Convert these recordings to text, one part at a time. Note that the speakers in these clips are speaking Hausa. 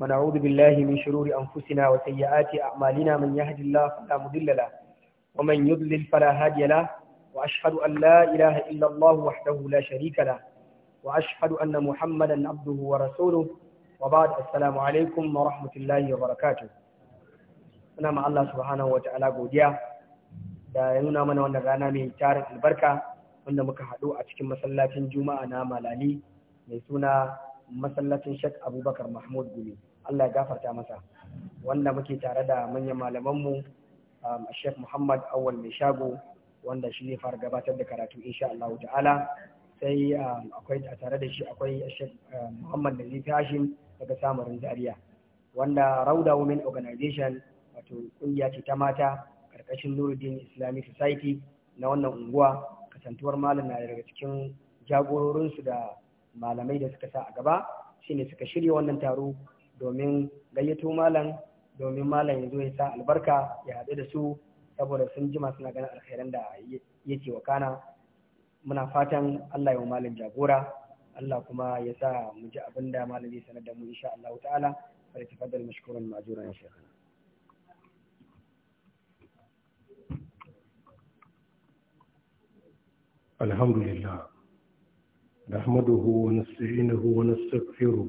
ونعوذ بالله من شرور أنفسنا وسيئات أعمالنا من يهد الله فلا مضل له ومن يضلل فلا هادي له وأشهد أن لا إله إلا الله وحده لا شريك له وأشهد أن محمدا عبده ورسوله وبعد السلام عليكم ورحمة الله وبركاته أنا مع الله سبحانه وتعالى godiya da ya nuna mana wannan rana mai tarin albarka wanda muka haɗu a cikin masallacin juma'a na malali mai suna masallacin shek abubakar mahmud gumi Allah ya gafarta masa wanda muke tare da manyan malamanmu mu um, Sheikh Muhammad Awal mai shago wanda shi ne fara gabatar da karatu insha Allah ta'ala sai um, akwai a tare da shi akwai Sheikh um, Muhammad Nazif Hashim daga samarin Zaria wanda Rauda Women Organization wato kungiya ce ta mata karkashin Nuruddin Islamic Society na wannan unguwa kasantuwar malam na daga cikin jagororinsu da malamai da suka sa a gaba shine suka shirya wannan taro domin gayyato malam domin malam ya zo ya sa albarka ya haɗu da su saboda sun jima suna ganin alkhairan da yake wakana muna fatan Allah ya malam jagora Allah kuma ya sa mu ji abin da malam zai sanar da mu insha Allah ta'ala fa tafaddal mashkuran ma'juran ya shekana الحمد نحمده ونستعينه ونستغفره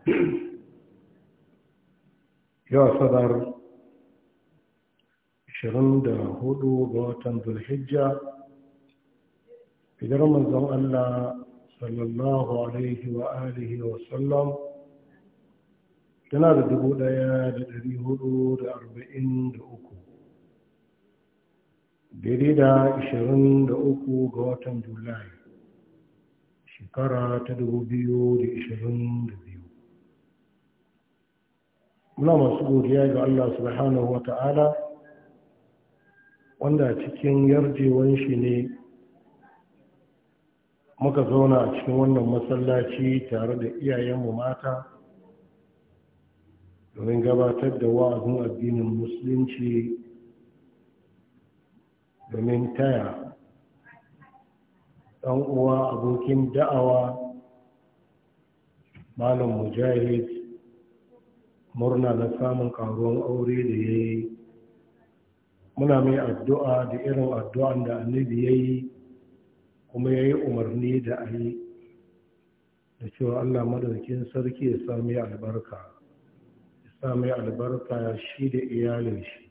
yau sadar 24 ga watan zulhijja idan manzon Allah sallallahu alaihi wa alihi wa da dubu ɗaya da ɗari hudu da arba'in da uku daidai da ashirin da uku ga watan julai shekara ta dubu biyu da ashirin da biyu muna masu godiya ga Allah subhanahu wata'ala wanda cikin yarjewan shi ne muka zauna a cikin wannan masallaci tare da iyayenmu mata domin gabatar da wa'azin addinin musulunci domin taya ɗan uwa abokin da'awa malam mujahid murna na samun karuwan aure da ya yi muna mai addu'a da irin addu'an da annabi ya yi kuma ya yi umarni da a yi da cewa allah madaukin sarki ya sami albarka ya sami albarka shi da iyalin shi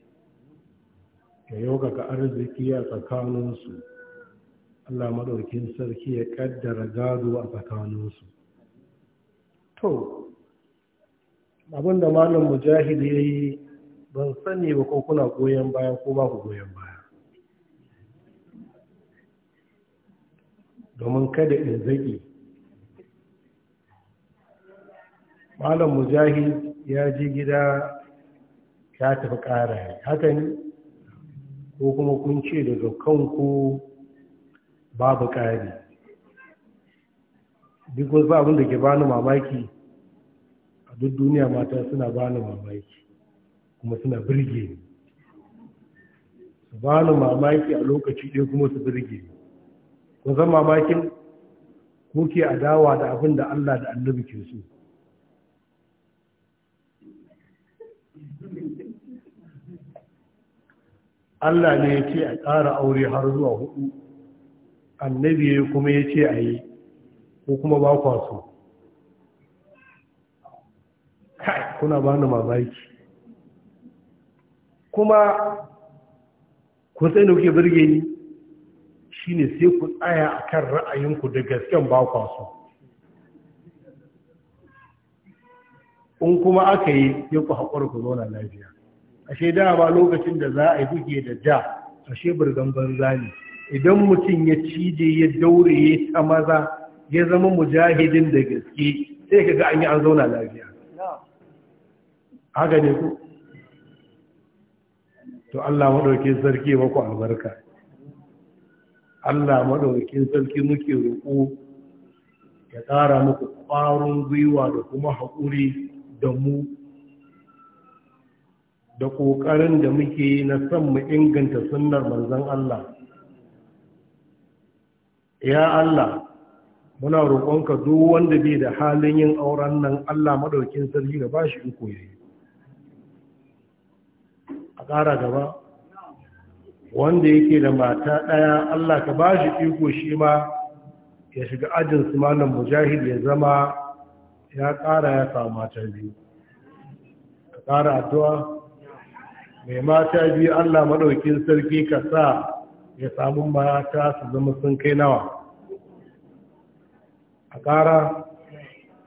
ya ka arziki a tsakaninsu allah madaukin sarki ya kaddara gado a tsakaninsu to Abinda malam mujahid ya yi ban sani ba ko kuna goyon baya ko ba ku goyon baya domin kada in zaƙi malam mujahid ya ji gida ya tafi ƙara haka ne ko kuma kun ce daga kanku babu ƙari duk wasu abin da ke bani mamaki duk duniya mata suna bani mamaki kuma suna birge ni su bani mamaki a lokaci ɗaya kuma su birge ni kun san mamakin ko ke adawa da abin da Allah da annabi ke so Allah ne ya ce a ƙara aure har zuwa hudu annabi kuma ya ce a yi ko kuma ba kwaso kuna ba ni mamaki kuma ku sai ne kuke birge ni shine sai ku tsaya a kan ra'ayinku da gasken ba so in kuma aka yi sai ku haƙura ku zauna lafiya ashe dama lokacin da za a yi buge da ja ashe burgan banza ne idan mutum ya cije ya daure ya ta maza ya zama mujahidin da gaske sai ka ga an yi an zauna lafiya haka ne ku to Allah maɗaukin sarki maku albarka Allah maɗaukin sarki muke roƙo ya ƙara muku ƙwarin gwiwa da kuma haƙuri da mu da ƙoƙarin da muke yi na son mu inganta sunnar manzan Allah ya Allah muna roƙonka duk wanda bai da halin yin auren nan Allah maɗaukin sarki da bashi shi iko yayi a ƙara gaba wanda yake da mata ɗaya Allah ka ba shi iko shi ma ya shiga ajin su malam mujahid ya zama ya ƙara ya samu mata biyu ka ƙara addu'a mai mata biyu Allah maɗaukin sarki ka sa ya samu mata su zama sun kai nawa a ƙara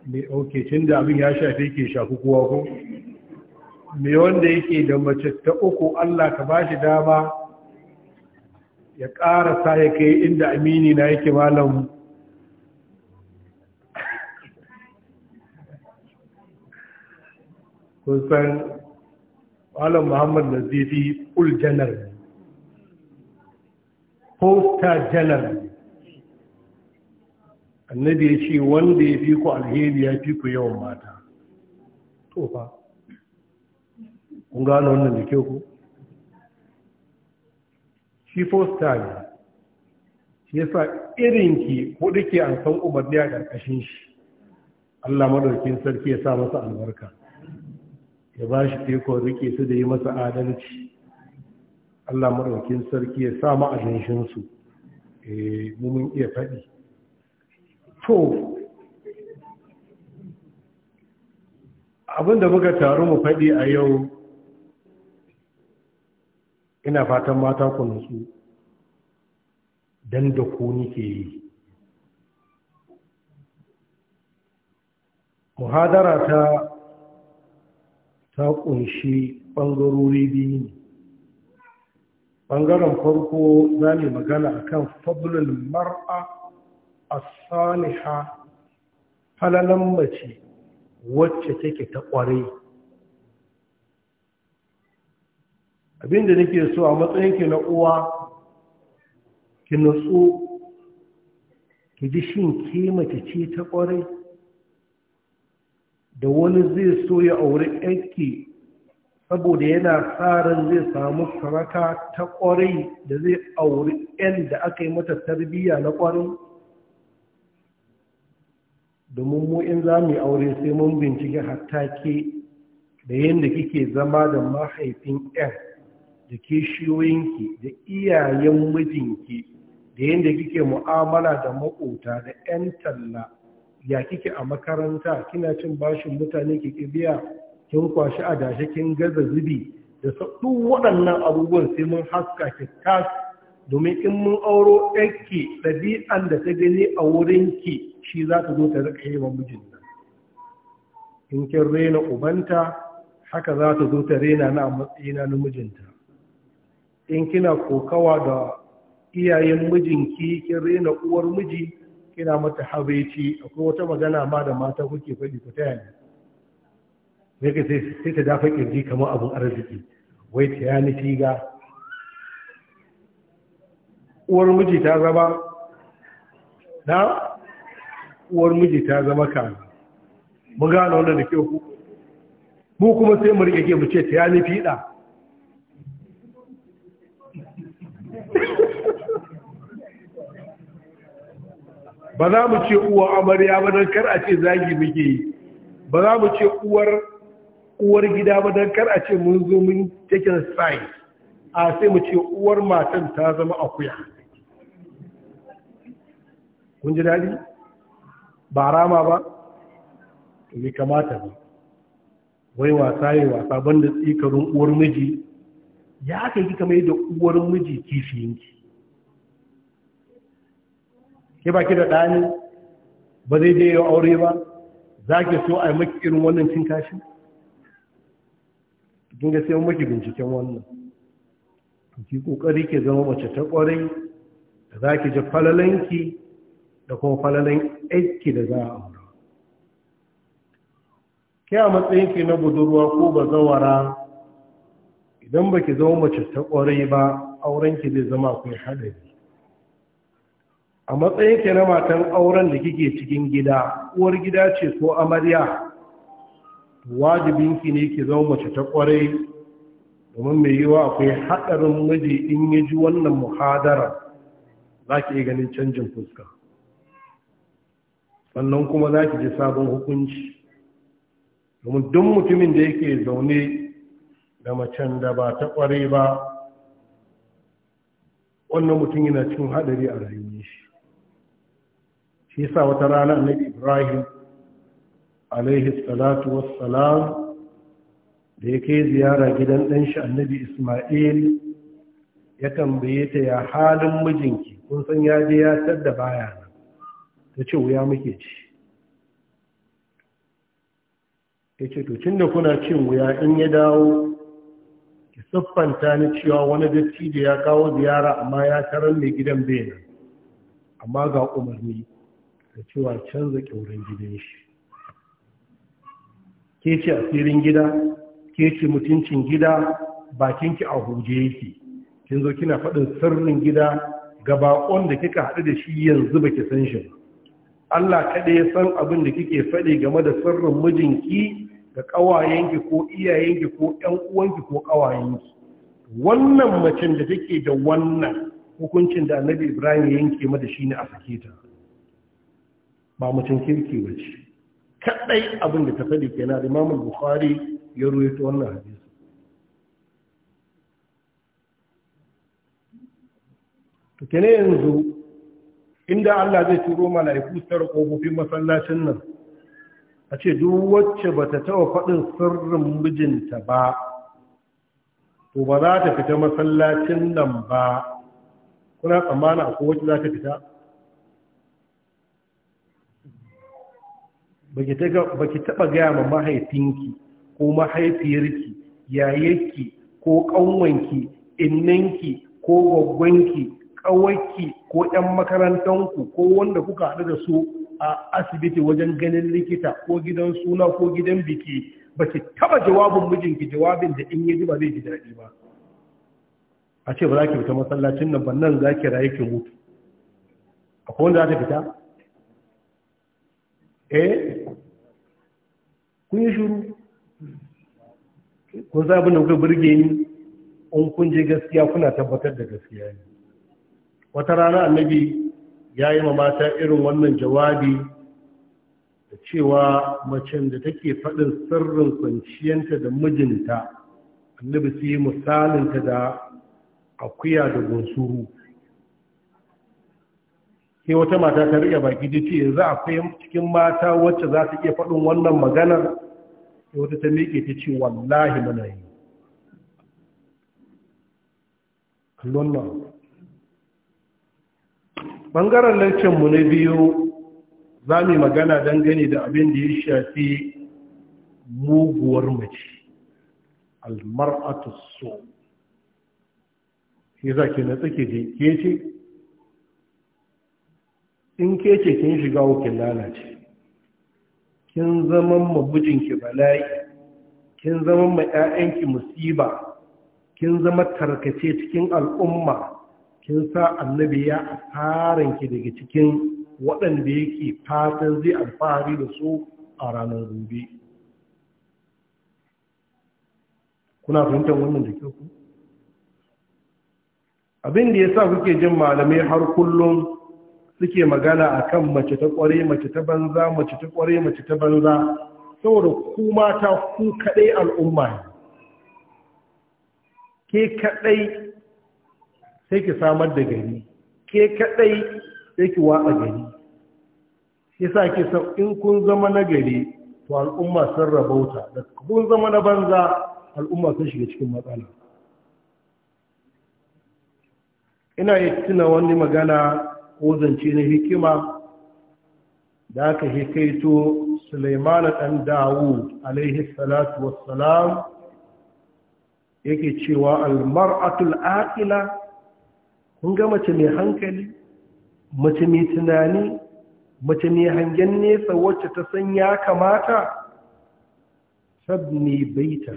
mai ɗauke cin da abin ya shafi ke shafi kowa ko Me wanda yake da mace ta uku Allah ka ba shi dama ya ƙarasa ya kai inda amini na yake malamu kun san malam muhammad nazifi ul janar posta janar annabi ya ce wanda ya fi ku alheri ya fi ku yawan mata tofa kun gano wannan da kyau ku shi fosta ne shi yasa irinki ko dake an san umarni a ƙarƙashin shi Allah madaukin sarki ya sa masa albarka ya ba shi tekon rike su da yi masa adalci Allah maɗaukin sarki ya sa ma'ajinshinsu eh, mun iya faɗi to abinda muka taru mu faɗi a yau ina fatan mata ku nutsu dan da ku nike yi muhadara ta ta kunshi ɓangarori biyu ne ɓangaren farko za mu magana akan fadlul mar'a as-saliha halalan mace wacce take ta ƙwarai Abin da nake so a matsayinki na uwa ki nutsu ki ji shin ke mace ce ta kwarai da wani zai so ya auri yanki saboda yana tsarin zai samu saraka ta kwarai da zai auri yan da aka yi mata tarbiyya na kwarai domin mu in za mu aure sai mun bincike hatta ke da yadda kike zama da mahaifin yan da kishiyoyinki da iyayen mijinki da yadda kike mu'amala da maƙota da 'yan talla ya kike a makaranta kina cin bashin mutane kike biya kin kwashi a dashe kin gaza zubi da sabbin waɗannan abubuwan sai mun haska ki tas domin in mun auro ɗanki ɗabi'an da ta gani a wurinki shi za ta zo ta rika yi wa mijin nan in kin rena ubanta haka za ta zo ta rena na a matsayina na mijinta in kina kokawa da iyayen mijinki kin rena uwar miji kina mata habaici, akwai wata magana ma da mata kuke faɗi ku taya ne sai sai ta dafa kirji kamar abun arziki wai ta yani shiga uwar miji ta zama na uwar miji ta zama ka mun gane wannan da kyau ku mu kuma sai mu rike mu ce ta yani fiɗa ba za mu ce uwa amarya ba don kar a ce zagi muke yi ba za mu ce uwar gida ba don kar a ce mun zo mun taken side a sai mu ce uwar matan ta zama akuya kun ji daɗi ba rama ba bai kamata ba wai wasa yi wasa banda tsikarin uwar miji ya kai kika kamar yadda uwar miji kifiyanki ke baki da ɗani ba zai je yau aure ba za ki so a yi maki irin wannan cin kashi kin ga sai maki binciken wannan ki kokari ke zama mace ta ƙwarai da za ki ji falalanki da kuma falalan aiki da za a aure. ke a matsayinki na budurwa ko bazawara idan ba ki zama mace ta ƙwarai ba aurenki zai zama akwai haɗari a matsayin ke na matan auren da kike cikin gida uwar gida ce ko amarya wajibinki ne ki zama mace ta kwarai domin mai yiwa akwai haɗarin miji in ya ji wannan muhadara za ki ganin canjin fuska sannan kuma za ki ji sabon hukunci domin duk mutumin da yake zaune da macen da ba ta ƙware ba wannan mutum yana cikin haɗari a rayuwar shi shi yasa wata rana annabi ibrahim alaihi salatu wassalam da ya kai ziyara gidan ɗanshi annabi ismail ya tambaye ta ya halin mijinki kun san ya je ya tadda baya nan ta ce wuya muke ci ya ce to tun da kuna cin wuya in ya dawo ki siffanta ni cewa wani datti da ya kawo ziyara amma ya tarar mai gidan benin amma ga umarni da cewa canza ƙyauren gidan shi ke ce asirin gida ke ce mutuncin gida bakinki a huje yake kin zo kina faɗin sirrin gida ga baƙon da kika haɗu da shi yanzu ba baki san shi Allah kaɗai ya san abin da kike faɗi game da sirrin mijinki ga ƙawayenki ko iyayenki ko ƴan uwanki ko ƙawayenki wannan macen da take da wannan hukuncin da Annabi Ibrahim ya yanke mata ne a sake ta ba mutum kirki ba ce kaɗai abin da ta faɗi ke da imamul bukhari ya ta wannan hadisi to kene yanzu inda Allah zai turo mala'iku tare kofofin masallacin nan a ce duk wacce ba ta taɓa faɗin sirrin mijinta ba to ba za ta fita masallacin nan ba kuna tsammana a wacce za ta fita ba ki taɓa gaya ma mahaifinki ko mahaifiyarki yayarki ko ƙanwanki innanki ko gwaggwanki ƙawarki ko 'yan makarantanku ko wanda kuka haɗu da su a asibiti wajen ganin likita ko gidan suna ko gidan biki ba ki taɓa jawabin mijinki jawabin da in yi ba zai ji daɗi ba a ce ba za ki fita masallacin nan ba nan za ki raye ki mutu akwai wanda za ta fita eh kun yi shuru kun abin da kuka burge ni in kun je gaskiya kuna tabbatar da gaskiya ne wata rana annabi ya yi mata irin wannan jawabi da cewa macen da take faɗin sirrin kwanciyanta da mijinta annabi su yi misalinta da akuya da gunsuru sai wata mata ta riƙe baki ta ce yanzu akwai cikin mata wacce za ta iya faɗin wannan maganar sai wata ta miƙe ta ce wallahi muna yi kallon ɓangaren lancinmu na biyu za mu yi magana dangane da abin da ya shafi muguwar mace almar'atu so ke za ke na tsake da ke ce in ke ce kin shiga wukin lalace kin zama ma mijinki bala'i kin zama ma 'ya'yanki musiba kin zama tarkace cikin al'umma kin sa annabi ya ki daga cikin waɗanda yake fatan zai alfahari da su a ranar gobe kuna fahimtar wannan da kyau abin da ya sa kuke jin malamai har kullum suke magana a kan mace ta ƙware, mace ta banza mace ta ƙware, mace ta banza saboda ku mata ku kaɗai al'umma ne ke kaɗai sai ki samar da gari ke kaɗai sai ki watsa gari yasa ke sau in kun zama na gari to al'umma sun rabauta da kun zama na banza al'umma sun shiga cikin matsala ina yi tuna wani magana ko zance na hikima da aka hikaito Sulaiman ɗan Dawud alaihi salatu wassalam yake cewa almar'atul aqila kun ga mace mai hankali mace mai tunani mace mai hangen nesa wacce ta san ya kamata Sabni baita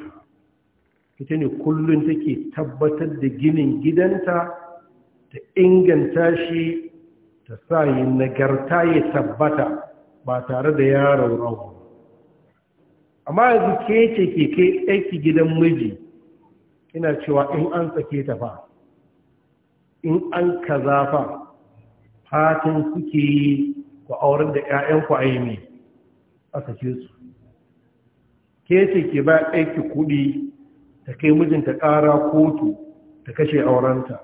ita ne kullum take tabbatar da ginin gidanta ta inganta shi ta sa yi nagarta ya tabbata ba tare da yaron raurawa amma yanzu ke ce ke kai aiki gidan miji ina cewa in an sake ta fa in an ka fa fatan suke yi ku auren da 'ya'yanku a yi mai a sake su ke ce ke ba aiki kuɗi ta kai mijinta ƙara kotu ta kashe aurenta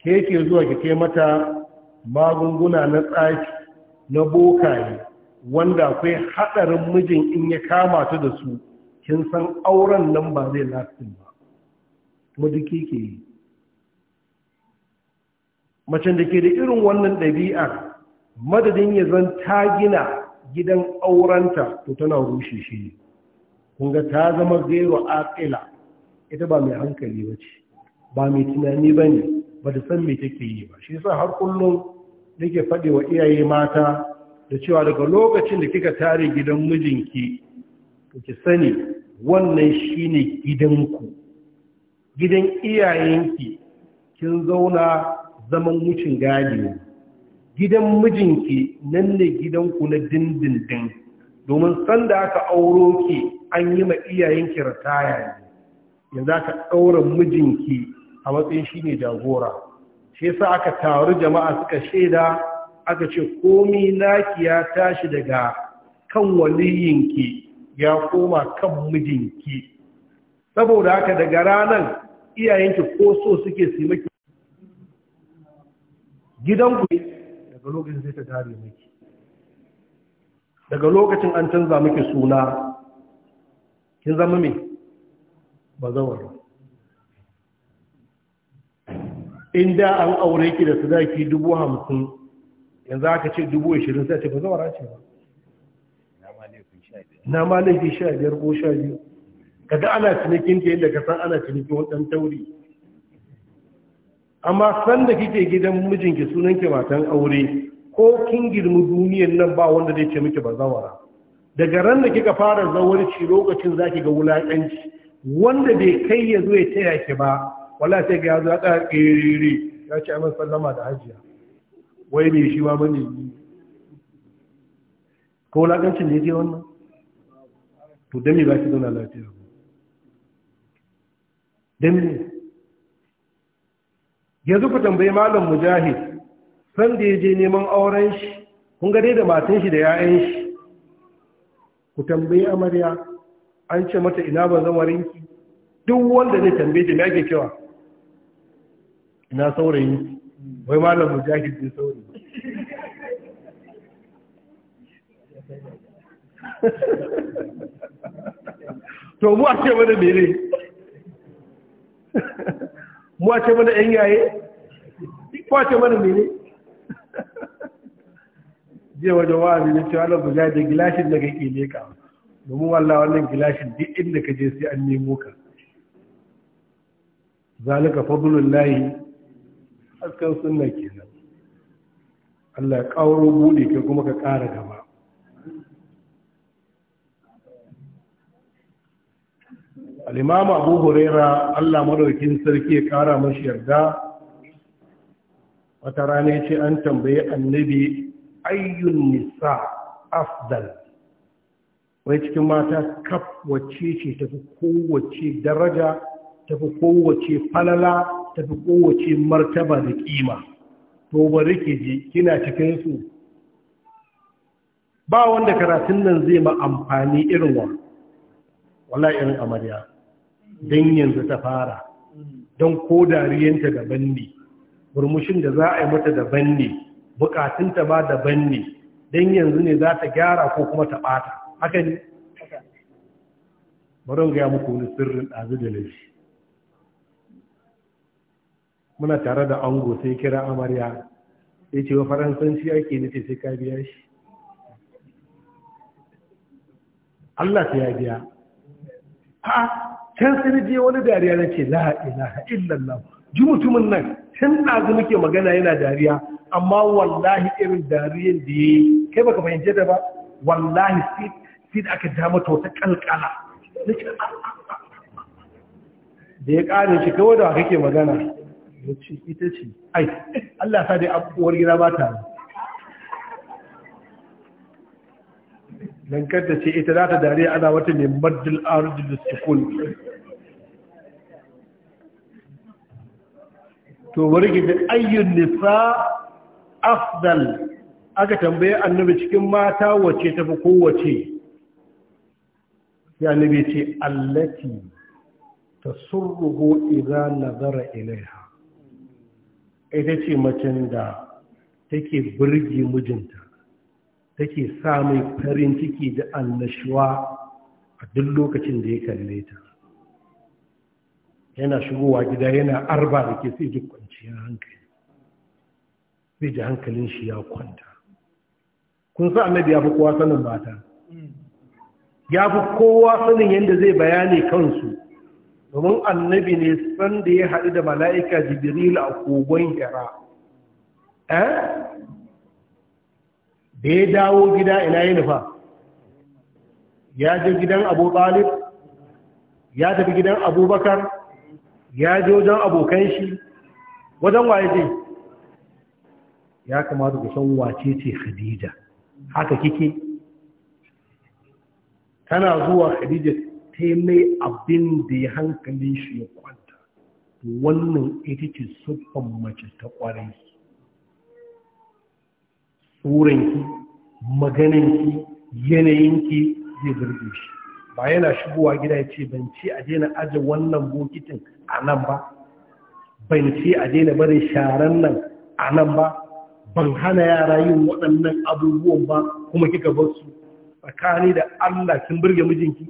ke ke zuwa ke kai mata magunguna na tsaki na bokaye wanda akwai haɗarin mijin in ya kama ta da su kin san auren nan ba zai lastin ba kuma duk ke yi macen da ke da irin wannan ɗabi'ar madadin ya zan ta gina gidan aurenta to tana rushe shi ne ga ta zama gairu aƙila ita ba mai hankali ba ce ba mai tunani ba ne ba da san mai take yi ba shi sa har kullum nake faɗi wa iyaye mata da cewa daga lokacin da kika tare gidan mijinki to ki sani wannan shine gidanku gidan iyayenki kin zauna zaman mucin gadi gidan mijinki nan ne gidanku na dindindin domin sanda aka auro ki an yi ma iyayenki rataya yanzu aka ɗaura mijinki a matsayin shine jagora shi yasa aka taru jama'a suka shaida aka ce komi naki ya tashi daga kan waliyinki ya koma kan mijinki saboda haka daga ranar iyayenki ko so suke su maki gidanku daga lokacin zai ta dare maki daga lokacin an canza maki suna kin zama mai ba in da an aure ki da sadaki dubu hamsin yanzu aka ce dubu ashirin sai ce ba zawara ce ba na ma laifin sha biyar ko sha biyu kaga ana cinikin ta yadda ka san ana cinikin wadan tauri amma san da kike gidan mijinki sunanki matan aure ko kin girmi duniyan nan ba wanda zai ce miki ba zawara daga ran da kika fara zawarci lokacin zaki ga wulakanci wanda bai kai ya zo ya taya ki ba wallahi sai ga yazo ya tsaya kiriri ya ce amma sallama da hajiya wai ne shi ma bane yi ko lagancin ne je wannan to dan me ba ki zauna lafiya dan me yanzu ku tambayi malam mujahid san da yaje neman auren shi kun ga dai da matan shi da 'ya'yan shi ku tambayi amarya an ce mata ina ba zamarinki duk wanda zai tambaye ta me ake cewa na saurayi wai malam mujahid ne saurayi to mu a ce mana mere mu a ce mana yan yaye ko a ce mana mere je wajen wa'azi na cewa na guja da gilashin daga ile ka domin wallah wannan gilashin duk inda ka je sai an nemo ka zalika fadlullahi hasken sunna kenan Allah ya kawo buɗe kai kuma ka ƙara gaba al'imamu abu huraira Allah maɗaukin sarki ya ƙara mashi yarda wata rana ce an tambaye annabi ayyun nisa afdal wai cikin mata kaf wacce ce tafi kowace daraja tafi kowace falala Tafi kowace martaba da kima to bari ke je kina cikin su ba wanda karatun nan zai ma amfani irin wa wala irin amarya don yanzu ta fara don ko dariyanta daban ne burmushin da za a yi mata daban ne bukatunta ba daban ne don yanzu ne za ta gyara ko kuma ta bata haka ne bari ga muku wani sirrin ɗazu da laifi muna tare da ango sai kira amarya ya ce wa faransanci ake nufi sai ka biya shi Allah ta ya biya ha can sai je wani dariya na ce la ilaha illallah ji mutumin nan can na ɗazu muke magana yana dariya amma wallahi irin dariyan da ya yi kai baka fahimce da ba wallahi sai da aka dama ta wata kalkala ah, ah, ah, da ya kare shi kawai da wa kake magana ya ce ita ce ai Allah sa dai abuwar gida ba ta don kanta ce ita za ta dariya ana wata ne maddal arjil sukun to wargi da ayyun nisa afdal aka tambaye annabi cikin mata wace tafi kowace ya nabi ce allati tasurruhu idza nazara ilaiha ita ce macen da take birge mijinta take sa mai farin ciki da annashuwa a duk lokacin da ya kalle ta yana shigowa gida yana arba da ke sai duk kwanciyar hankali sai ji hankalin shi ya kwanta kun sa annabi ya fi kowa sanin mata mm. ya fi kowa sanin yadda zai bayani kansu domin annabi ne sanda ya haɗu da mala'ika jibril a kogon hira eh? da ya dawo gida ina yi nufa ya je gidan abu talib ya tafi gidan abubakar ya je wajen abokan shi wajen waye ce? ya kamata ku san wace ce khadija haka kike tana zuwa khadija taimai abin da ya hankali shi ya kwanta wannan ita ce sufan mace ta su. tsoronki magananki yanayinki zai birge shi ba yana shigowa gida ya ce ban ce a daina aje wannan bokitin a nan ba ban ce a daina barin sharan nan a nan ba ban hana yara yin waɗannan abubuwan ba kuma kika bar su tsakani da Allah kin birge mijinki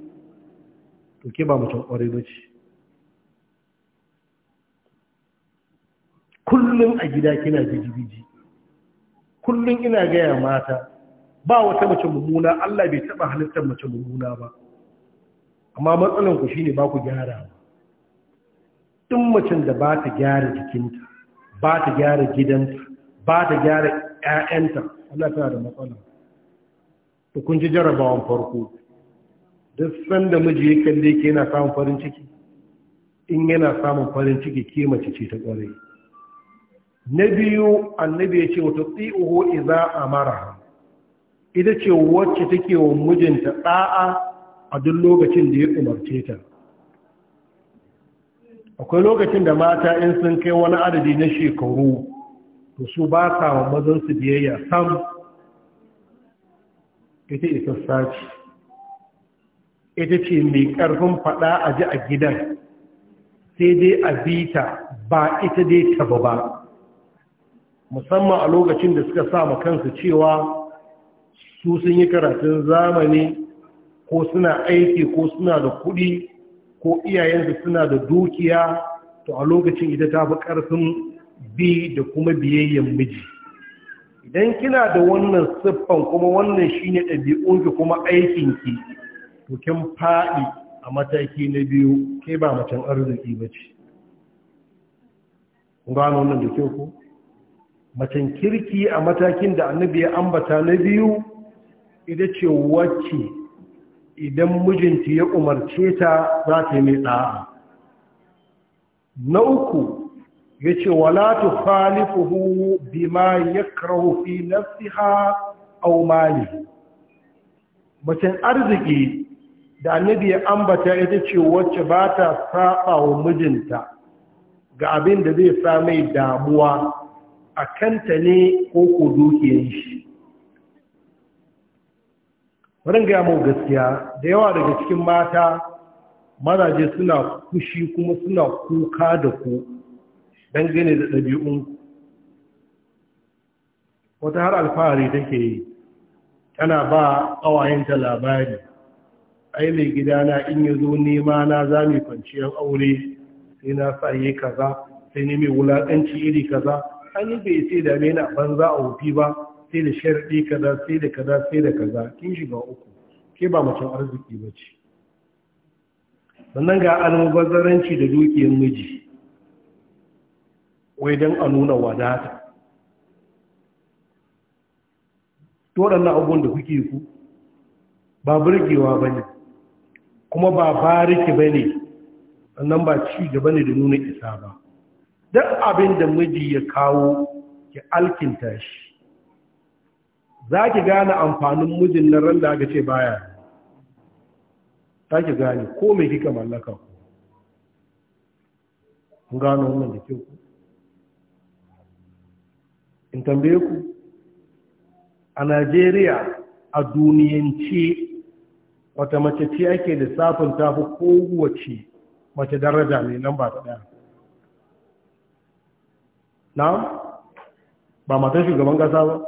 to ke ba mutum ƙwarai ba ce kullum a gida kina jijibiji kullum ina gaya mata ba wata mace mummuna Allah bai taɓa halittar mace mummuna ba amma matsalanku shi ne ba ku gyara duk macen da ba ta gyara jikinta ba ta gyara gidanta ba ta gyara ƴaƴanta, Allah tana da matsala kun ji jarabawan farko duk sanda miji ya kalle ke yana samun farin ciki in yana samun farin ciki ke mace ce ta kwarai na biyu annabi ya ce wata tsi'uhu iza amara ita ce wacce take wa mijinta ɗa'a a duk lokacin da ya umarce ta akwai lokacin da mata in sun kai wani adadi na shekaru to su ba sa wa mazansu biyayya sam ita isa sace ita ce mai ƙarfin faɗa a ji a gidan sai dai a bita ba ita dai taba ba musamman a lokacin da suka sa kansu cewa su sun yi karatun zamani ko suna aiki ko suna da kuɗi ko iyayensu suna da dukiya to a lokacin ita ta fi ƙarfin bi da kuma biyayyen miji idan kina da wannan siffan kuma wannan shine ɗabi'unki kuma aikinki mukin faɗi a mataki na biyu ke ba macen arziki ba ce gano wannan da kyau ko macen kirki a matakin da annabi ya ambata na biyu ita ce wacce idan mijinta ya umarce ta za ta yi mai ɗa'a na uku ya ce wala tu khalifuhu bima yakrahu fi nafsiha aw mali macen arziki da annabi ya ambata ita ce wacce ba ta saba wa mijinta ga abin da zai sa mai damuwa a kanta ne ko ko dukiyar shi wurin ga mu gaskiya da yawa daga cikin mata mazaje suna kushi kuma suna kuka da ku dangane da ɗabi'unku wata har alfahari take yi tana ba ƙawayenta labari ai mai gidana in ya zo nema na za mu kwanciyar aure sai na sa yi kaza sai ne mai wulaƙanci iri kaza an yi bai sai da mena banza a wufi ba sai da sharɗi kaza sai da kaza sai da kaza kin shiga uku ke ba macen arziki ba ce sannan ga almubazzaranci da dukiyar miji wai don a nuna wadata waɗannan abubuwan da kuke ku ba burgewa ba ne kuma ba bariki ba ne sannan ba ci gaba ne da nuna isa ba duk abin da miji ya kawo ki alkinta shi za ki gane amfanin mijin na ran da aka ce baya za ki gane ko mai kika mallaka ku gano wannan da kyau in tambaye ku a najeriya a duniyance wata mace ce ake lissafin ta fi kowace mace daraja mai lamba ta ɗaya na ba matan shugaban ƙasa ba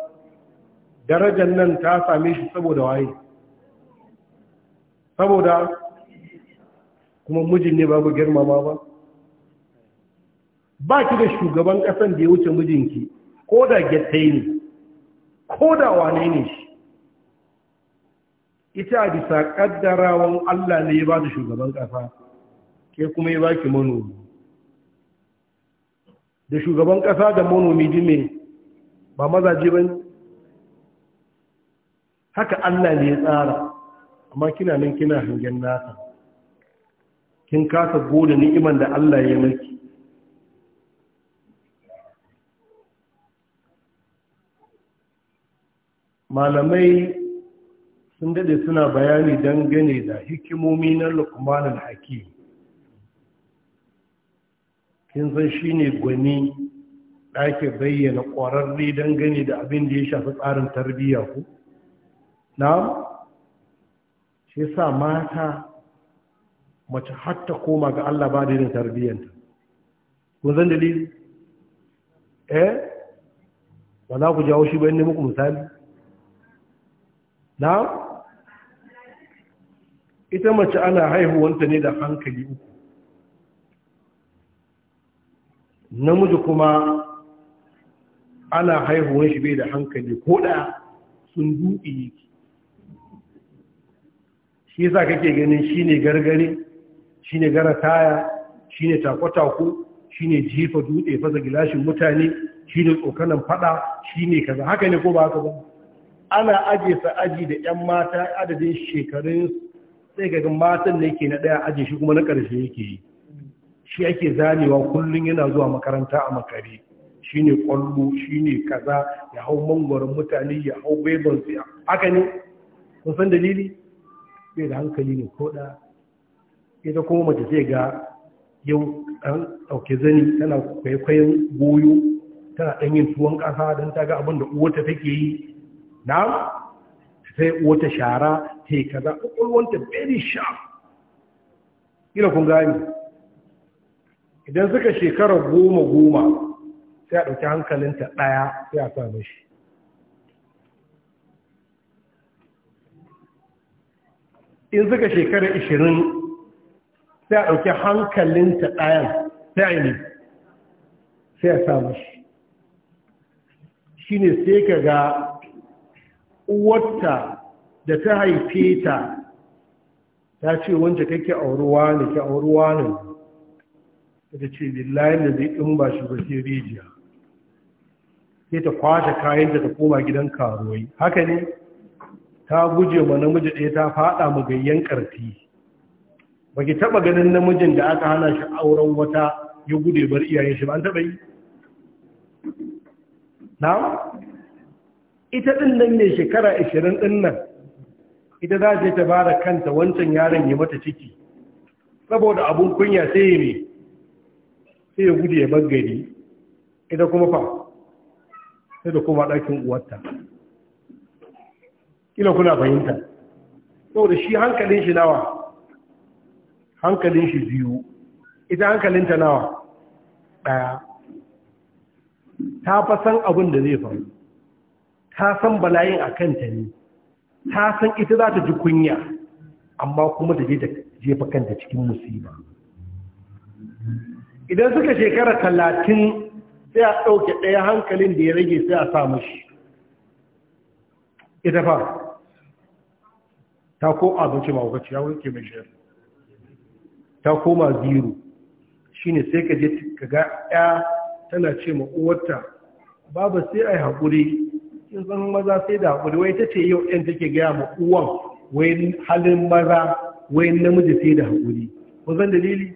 darajar nan ta same shi saboda waye saboda kuma mijin ne babu girmama ba ba ki da shugaban ƙasan da ya wuce mijinki ko da gyattai ne ko da wane ne shi ita a bisa kaddarawan Allah ne ya ba da shugaban ƙasa ke kuma ya ki manomi da shugaban ƙasa da manomi dime ba mazaje ba haka Allah ne ya tsara amma kina nan kina hangen nasa kin kasa gode ni'iman da Allah ya maki malamai sun daɗe suna bayani dangane da hikimomi na lukmanin hakim kin san shi ne gwani ɗake bayyana ƙwararre dangane da abin da ya shafi tsarin tarbiyya ku na shi sa mata mace hatta koma ga allah ba da yin tarbiyyanta kun san dalili eh ba za ku jawo shi bayan ne muku misali na ita mace ana haihuwanta ne da hankali uku namiji kuma ana haihuwan shi bai da hankali ko da sun duɗi yake shi yasa kake ganin shine gargare shine gara taya shine takwatako shine jifa dutse fasa gilashin mutane shine tsokanan fada shine kaza haka ne ko ba haka ba ana aje sa aji da yan mata adadin shekarun sai ga matan ne yake na ɗaya ajin shi kuma na ƙarshe yake yi shi ake zanewa kullum yana zuwa makaranta a makare shi ne ƙwallo shi ne kaza ya hau mangwaron mutane ya hau su ya haka ne kun san dalili sai da hankali ne ko ɗaya ita kuma mace sai ga yau ɗan ɗauke zani tana kwaikwayon goyo tana ɗan yin tuwon ƙasa don ta ga abin da uwata take yi na sai ta shara ta yi kaza kwakwalwanta very sharp ila kun gani idan suka shekara goma goma sai a ɗauki hankalinta ɗaya sai a sa mashi in suka shekara ishirin sai a ɗauki hankalinta ɗayan sai a yi sai a sa mashi shi ne sai ka ga uwarta da ta haife ta ta ce wanda kake auruwa ne ke auruwa ne ta ce billahi da zai in ba shi ba sai rijiya sai ta kwashe kayan da ta koma gidan karuwai haka ne ta guje wa namiji ɗaya ta faɗa magayyan ƙarfi ba ki taɓa ganin namijin da aka hana shi auren wata ya gude bar iyayen shi ba an taɓa yi na ita ɗin nan ne shekara 20 ɗin nan ita za ta ta bara kanta wancan yaron ya mata ciki saboda abun kunya sai ya ne sai ya gudu ya bangare ita kuma fa sai da kuma ɗakin uwarta ila kuna fahimta saboda shi hankalin shi nawa hankalin shi biyu ita hankalinta nawa ɗaya ta fa san abin da zai faru ta san bala'in a kanta ne ta san ita za ta ji kunya amma kuma da jefa kanta cikin musiba idan suka shekara talatin sai a ɗauke ɗaya hankalin da ya rage sai a samu shi ita fa ta ko abinci mawukaci ya wuce mai shayar ta koma biyu shi ne sai ka je ka ga ya tana ce ma'uwarta babu sai a yi haƙuri kin maza sai da hakuri wai ta ce yau ɗin take gaya ma uwan wai halin maza wai namiji sai da haƙuri. ko zan dalili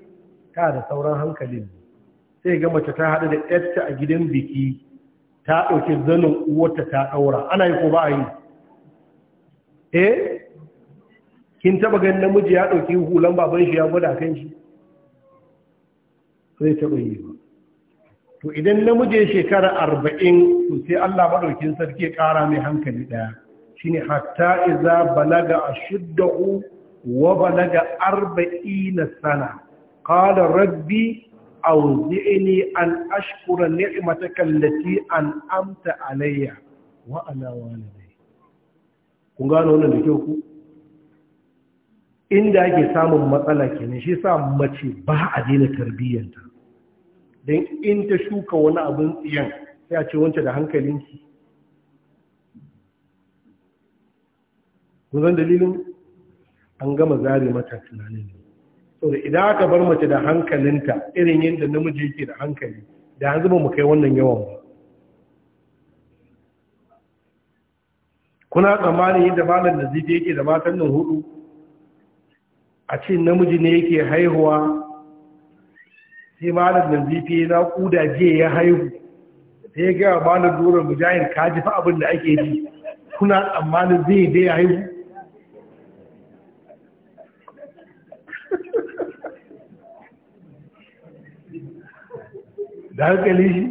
ta da sauran hankalin sai ga mace ta haɗu da 'yarta a gidan biki ta ɗauki zanin uwarta ta ɗaura ana yi ko ba a yi eh kin taɓa ganin namiji ya ɗauki hulan baban shi ya gwada kan shi sai taɓa yi ba to idan namiji ya shekara arba'in to sai Allah maɗaukin sarki ƙara mai hankali ɗaya shi ne hatta iza balaga a shidda'u wa balaga arba'i na sana ƙada rabbi a wuzi'ini an ashkura ni'imata kallati an amta alayya wa alawa zai. kun gano wannan da kyau ku inda ake samun matsala kenan shi sa mace ba a daina tarbiyyanta don in ta shuka wani abin tsiyan sai a ce wance da hankalinki zan dalilin an gama zare mata tunanin ne saboda idan aka bar mace da hankalinta irin yadda namiji yake da hankali da an zuba mu kai wannan yawan ba kuna tsammanin yadda malar da zai yake da matan nan hudu a ce namiji ne yake haihuwa sai malam nan zifi na kuda je ya haihu sai ya gaya malam doron mujahid kaji ji fa abin da ake ji kuna tsammanin zai dai ya haihu da hankali shi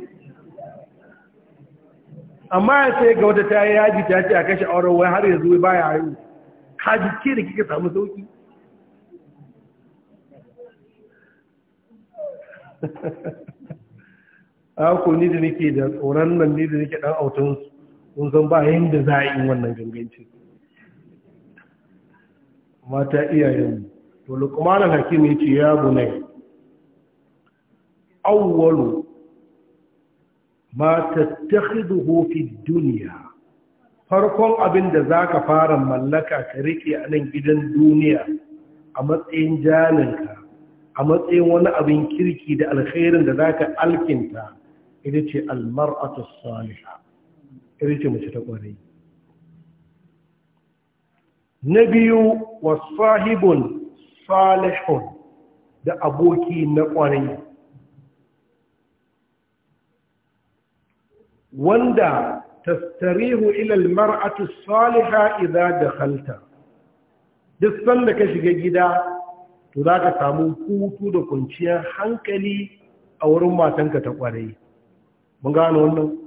amma ya sai ga wata ta yi yaji ta ce a kashe auren wai har yanzu ba ya haihu ka ke da kika samu sauki a ko ni da nake da tsoron nan ni da nake dan auton mun san ba yanda za a yi wannan gangancin mata iyayen to luqman hakim yace ya bunai awwalu ma tattakhiduhu fi dunya farkon abin da zaka fara mallaka ka rike a nan gidan duniya a matsayin janinka a matsayin wani abin kirki da alkhairin da zaka alkinta ita ce almar'atu salihah ita ce mace ta na biyu wasahibun salihun da aboki na kwarai wanda tastarihu ilal mar'atu salihah idza dakhalta duk sanda ka shiga gida to za ka samu hutu da kwanciyar hankali a wurin matanka ta ƙwarai mun gano wannan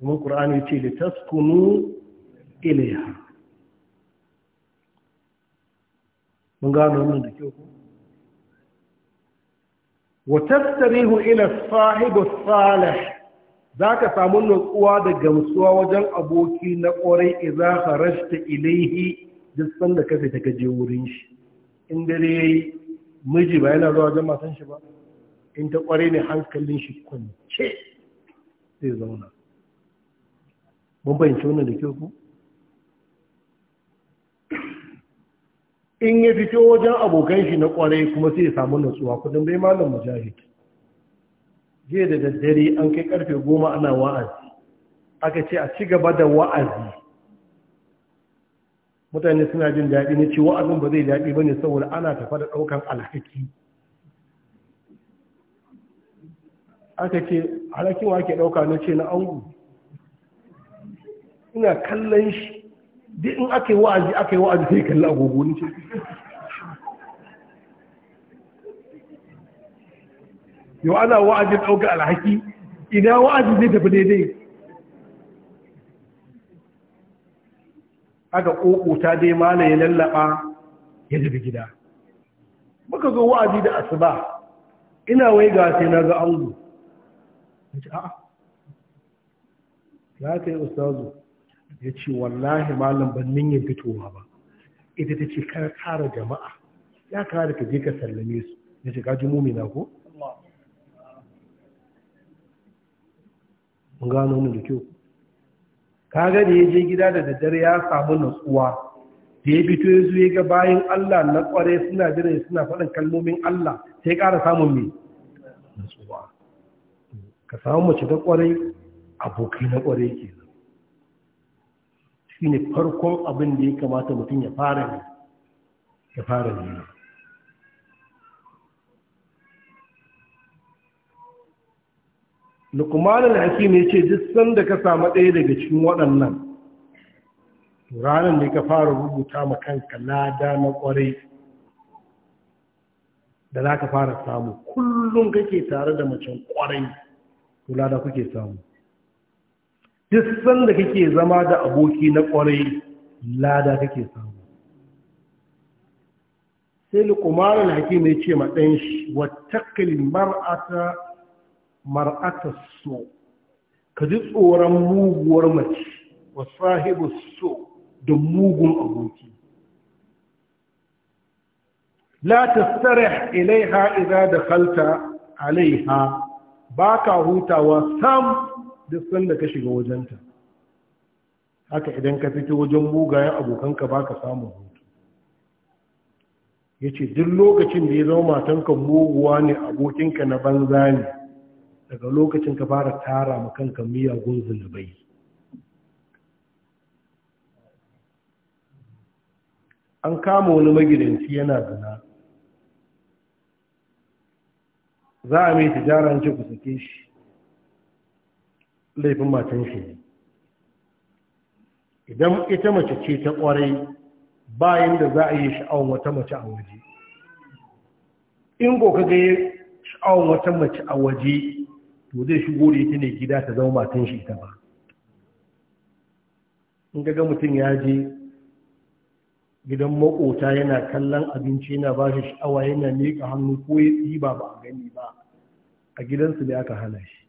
kuma ƙur'ani ce da taskunu ilaiha mun gano wannan da kyau ku wa tattarihu ila sahibu salih za ka samu nutsuwa da gamsuwa wajen aboki na ƙwarai iza harashta ilaihi duk sanda ka ta ka wurin shi in dare yi miji ba yana zuwa wajen matan shi ba in ta kware ne hankalin shi kwance zai zauna mun bayyance wannan da kyau ku in ya fito wajen abokan shi na kwarai kuma sai ya samu nutsuwa, kudin bai malam mujahid jiya da daddare an kai karfe goma ana wa'azi aka ce a ci gaba da wa'azi mutane suna jin daɗi na ce wa'azin ba zai daɗi ba ne saboda ana tafa da ɗaukan alhaki aka ce alhakin wa ke ɗauka na ce na angu ina kallon shi duk in aka yi wa'azi aka yi wa'azi sai kalli agogo ni ce yau ana wa'azin ɗaukar alhaki ina wa'azi zai tafi daidai aka ta dai mala ya lallaba ya tafi gida muka zo wa'azi da asuba ina wai ga sai na ga ango a'a ya kai ustazu ya ce wallahi malam ban yin fitowa ba ita ta ce kar kara jama'a ya kara ka je ka sallame su ya ce ka kaji na ko mun gano ni da kyau kaga da ya je gida da daddare ya samu nutsuwa da ya fito ya zo ya ga bayan Allah na kware suna jiran suna faɗin kalmomin Allah sai ƙara samun mai nutsuwa ka samu mace da kware abokai na kware ke shi ne farkon abin da ya kamata mutum ya fara ne ya fara ne lukmanin hakim ya ce duk sanda ka samu ɗaya daga cikin waɗannan ranar ne ka fara rubuta ma kanka lada na ƙwarai da za ka fara samu kullum kake tare da macen ƙwarai to lada kuke samu duk sanda kake zama da aboki na ƙwarai lada kake samu sai lukmanin hakim ya ce ma ɗan shi wata kalmar ata Mar'ata so ka ji tsoron muguwar mace wa sahibu so da mugun aboki la tastarih ilaiha idza dakhalta alaiha baka hutawa sam duk sanda ka shiga wajenta haka idan ka fito wajen mugayen abokanka baka samu hutu yace duk lokacin da ya zama matanka muguwa ne abokinka na banza ne daga lokacin ka fara tara ma kanka miyagun zunubai an kama wani magidanci yana zina za a mai tijaran ce ku suke shi laifin matan shi ne idan ita mace ce ta kwarai bayan da za a yi sha'awar wata mace a waje in ka ga sha'awar wata mace a waje to zai shigo da ita ne gida ta zama matan shi ita ba in mutum ya je gidan makota yana kallon abinci yana ba shi sha'awa yana miƙa hannu ko ya tsiba ba a gani ba a gidansu ne aka hana shi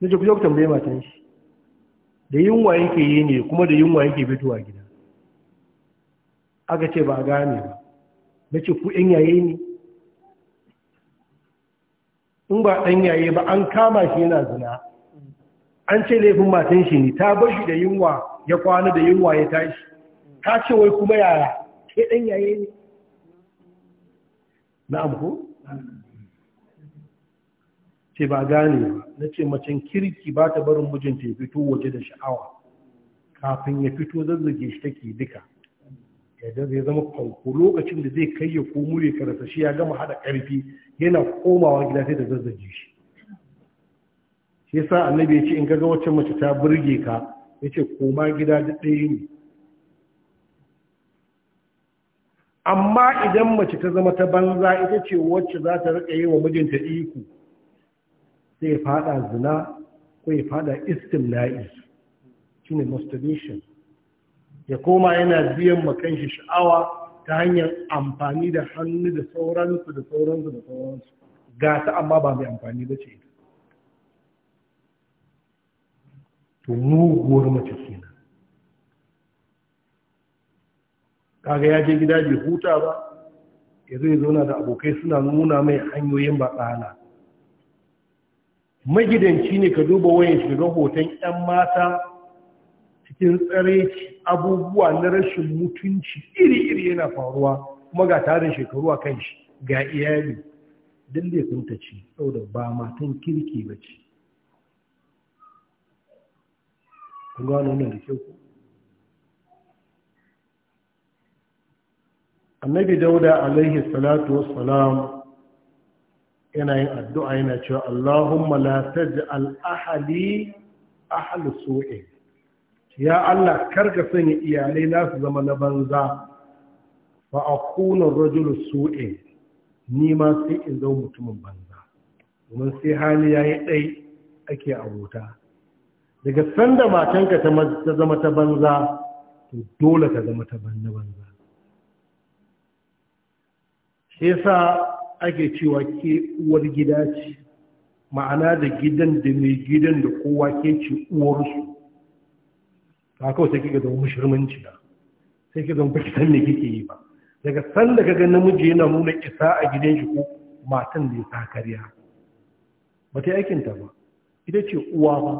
na ce ku yau tambaye matan shi da yunwa yake yi ne kuma da yunwa yake fitowa gida aka ce ba a gane ba na ce ku yan yaye ne in ba ɗan yaye ba an kama shi yana zina an ce laifin matan shi ne ta bar shi da yunwa ya kwana da yunwa ya tashi ta ce wai kuma yaya ke ɗan yaye ne na amko? ce ba gane ba. na ce macen kirki ba ta barin mijinta ya fito waje da sha'awa kafin ya fito zazzage shi take duka yadda zai zama kwanko lokacin da zai kai ya komo ya karasa shi ya gama hada karfi yana komawa gida sai da zazzaji shi shi yasa annabi ya ce in gaga wacce mace ta burge ka ya ce koma gida da ɗaya ne amma idan mace ta zama ta banza ita ce wacce za ta riƙa yi wa mijinta iko sai ya fada zina ko ya fada istimla'i shine masturbation ya koma yana biyan makan shi sha'awa ta hanyar amfani da hannu da sauransu da sauransu da sauransu gasa amma ba mai amfani ba ce to muguwar mace kenan kaga ya je gida bai huta ba ya zai zauna da abokai suna nuna mai hanyoyin tsana magidanci ne ka duba wayan shiga hoton 'yan mata cikin tsare abubuwa na rashin mutunci iri-iri yana faruwa kuma ga tarin shekaru a kan shi ga iyali don kanta ce saboda ba matan kirki ba ce kun gano wannan da kyau ku annabi dauda alaihi salatu wassalam yana yin addu'a yana cewa allahumma la taj'al ahli ahli su'in ya Allah karka sanya iyalai na su zama na banza fa akuna rajulu su'in ni ma sai in zama mutumin banza domin sai hali yayi dai ake abota daga sanda matanka ta zama ta banza to dole ka zama ta banza banza shi yasa ake cewa ke uwar gida ce ma'ana da gidan da mai gidan da kowa ke ce uwarsu ba kawai sai kika zama mushirmanci ba sai kika zama bakitan san kike yi ba daga sanda ka gani namiji yana nuna isa a gidan shi ko matan da ya sa kariya ba ta yi aikinta ba ita ce uwa ba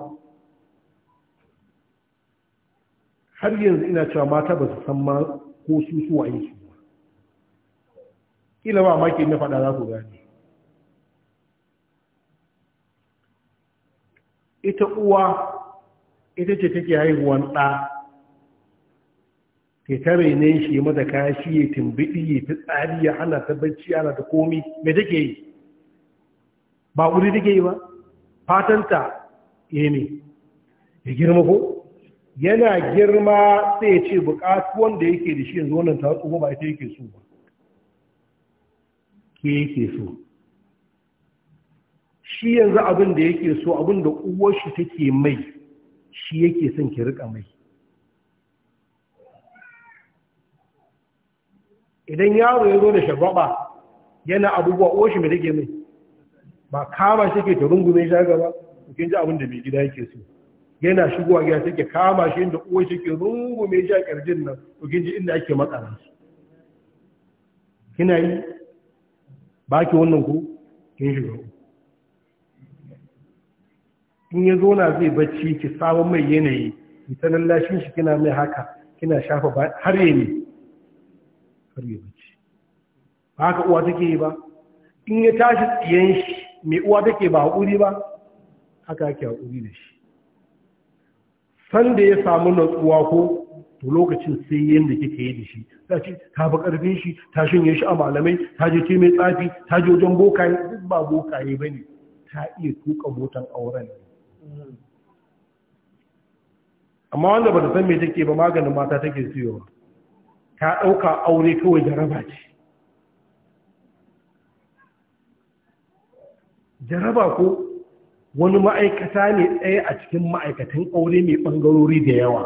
har yanzu ina cewa mata ba su san ma ko su su waye su ba kila ba ma ke na faɗa za ku gane ita uwa ita ce take haihuwan ɗa ke tare ne shi mata kashi ya tumbiɗi ya fi tsari ya hana ta bacci ana ta komi mai take yi ba wuri take yi ba fatanta ya ne ya girma ko yana girma sai ya ce buƙatuwan wanda yake da shi yanzu wannan ta tsoho ba ita yake so ba ke yake so shi yanzu abin da yake so abin da uwar shi take mai shi yake son ki riƙa mai idan yaro ya zo da shagwaba yana abubuwa oshi mai take mai ba kama shi ke ta rungume shagaba, gaba kin ji abin mai gida yake so yana shigowa gida take kama shi inda uwa shi ke rungume shi a ƙirjin nan kin ji inda ake matsara su kina yi ba ki wannan ku kin shiga uku in ya zauna zai bacci ki sabon mai yanayi ki lashin lallashin shi kina mai haka kina shafa har ya ne har ya bacci ba haka uwa take yi ba in ya tashi tsiyan shi mai uwa take ba haƙuri ba haka ake haƙuri da shi sanda ya samu natsuwa ko to lokacin sai yadda kike yi da shi ta ce ta fi ƙarfin shi ta shanye shi a malamai ta je ce mai tsafi ta je wajen bokaye duk ba bokaye ba ne ta iya tuka motan auren ne amma wanda ba ta san me take ba maganin mata take siyowa ta ɗauka aure kawai jaraba ce jaraba ko wani ma'aikata ne ɗaya a cikin ma'aikatan aure mai ɓangarori da yawa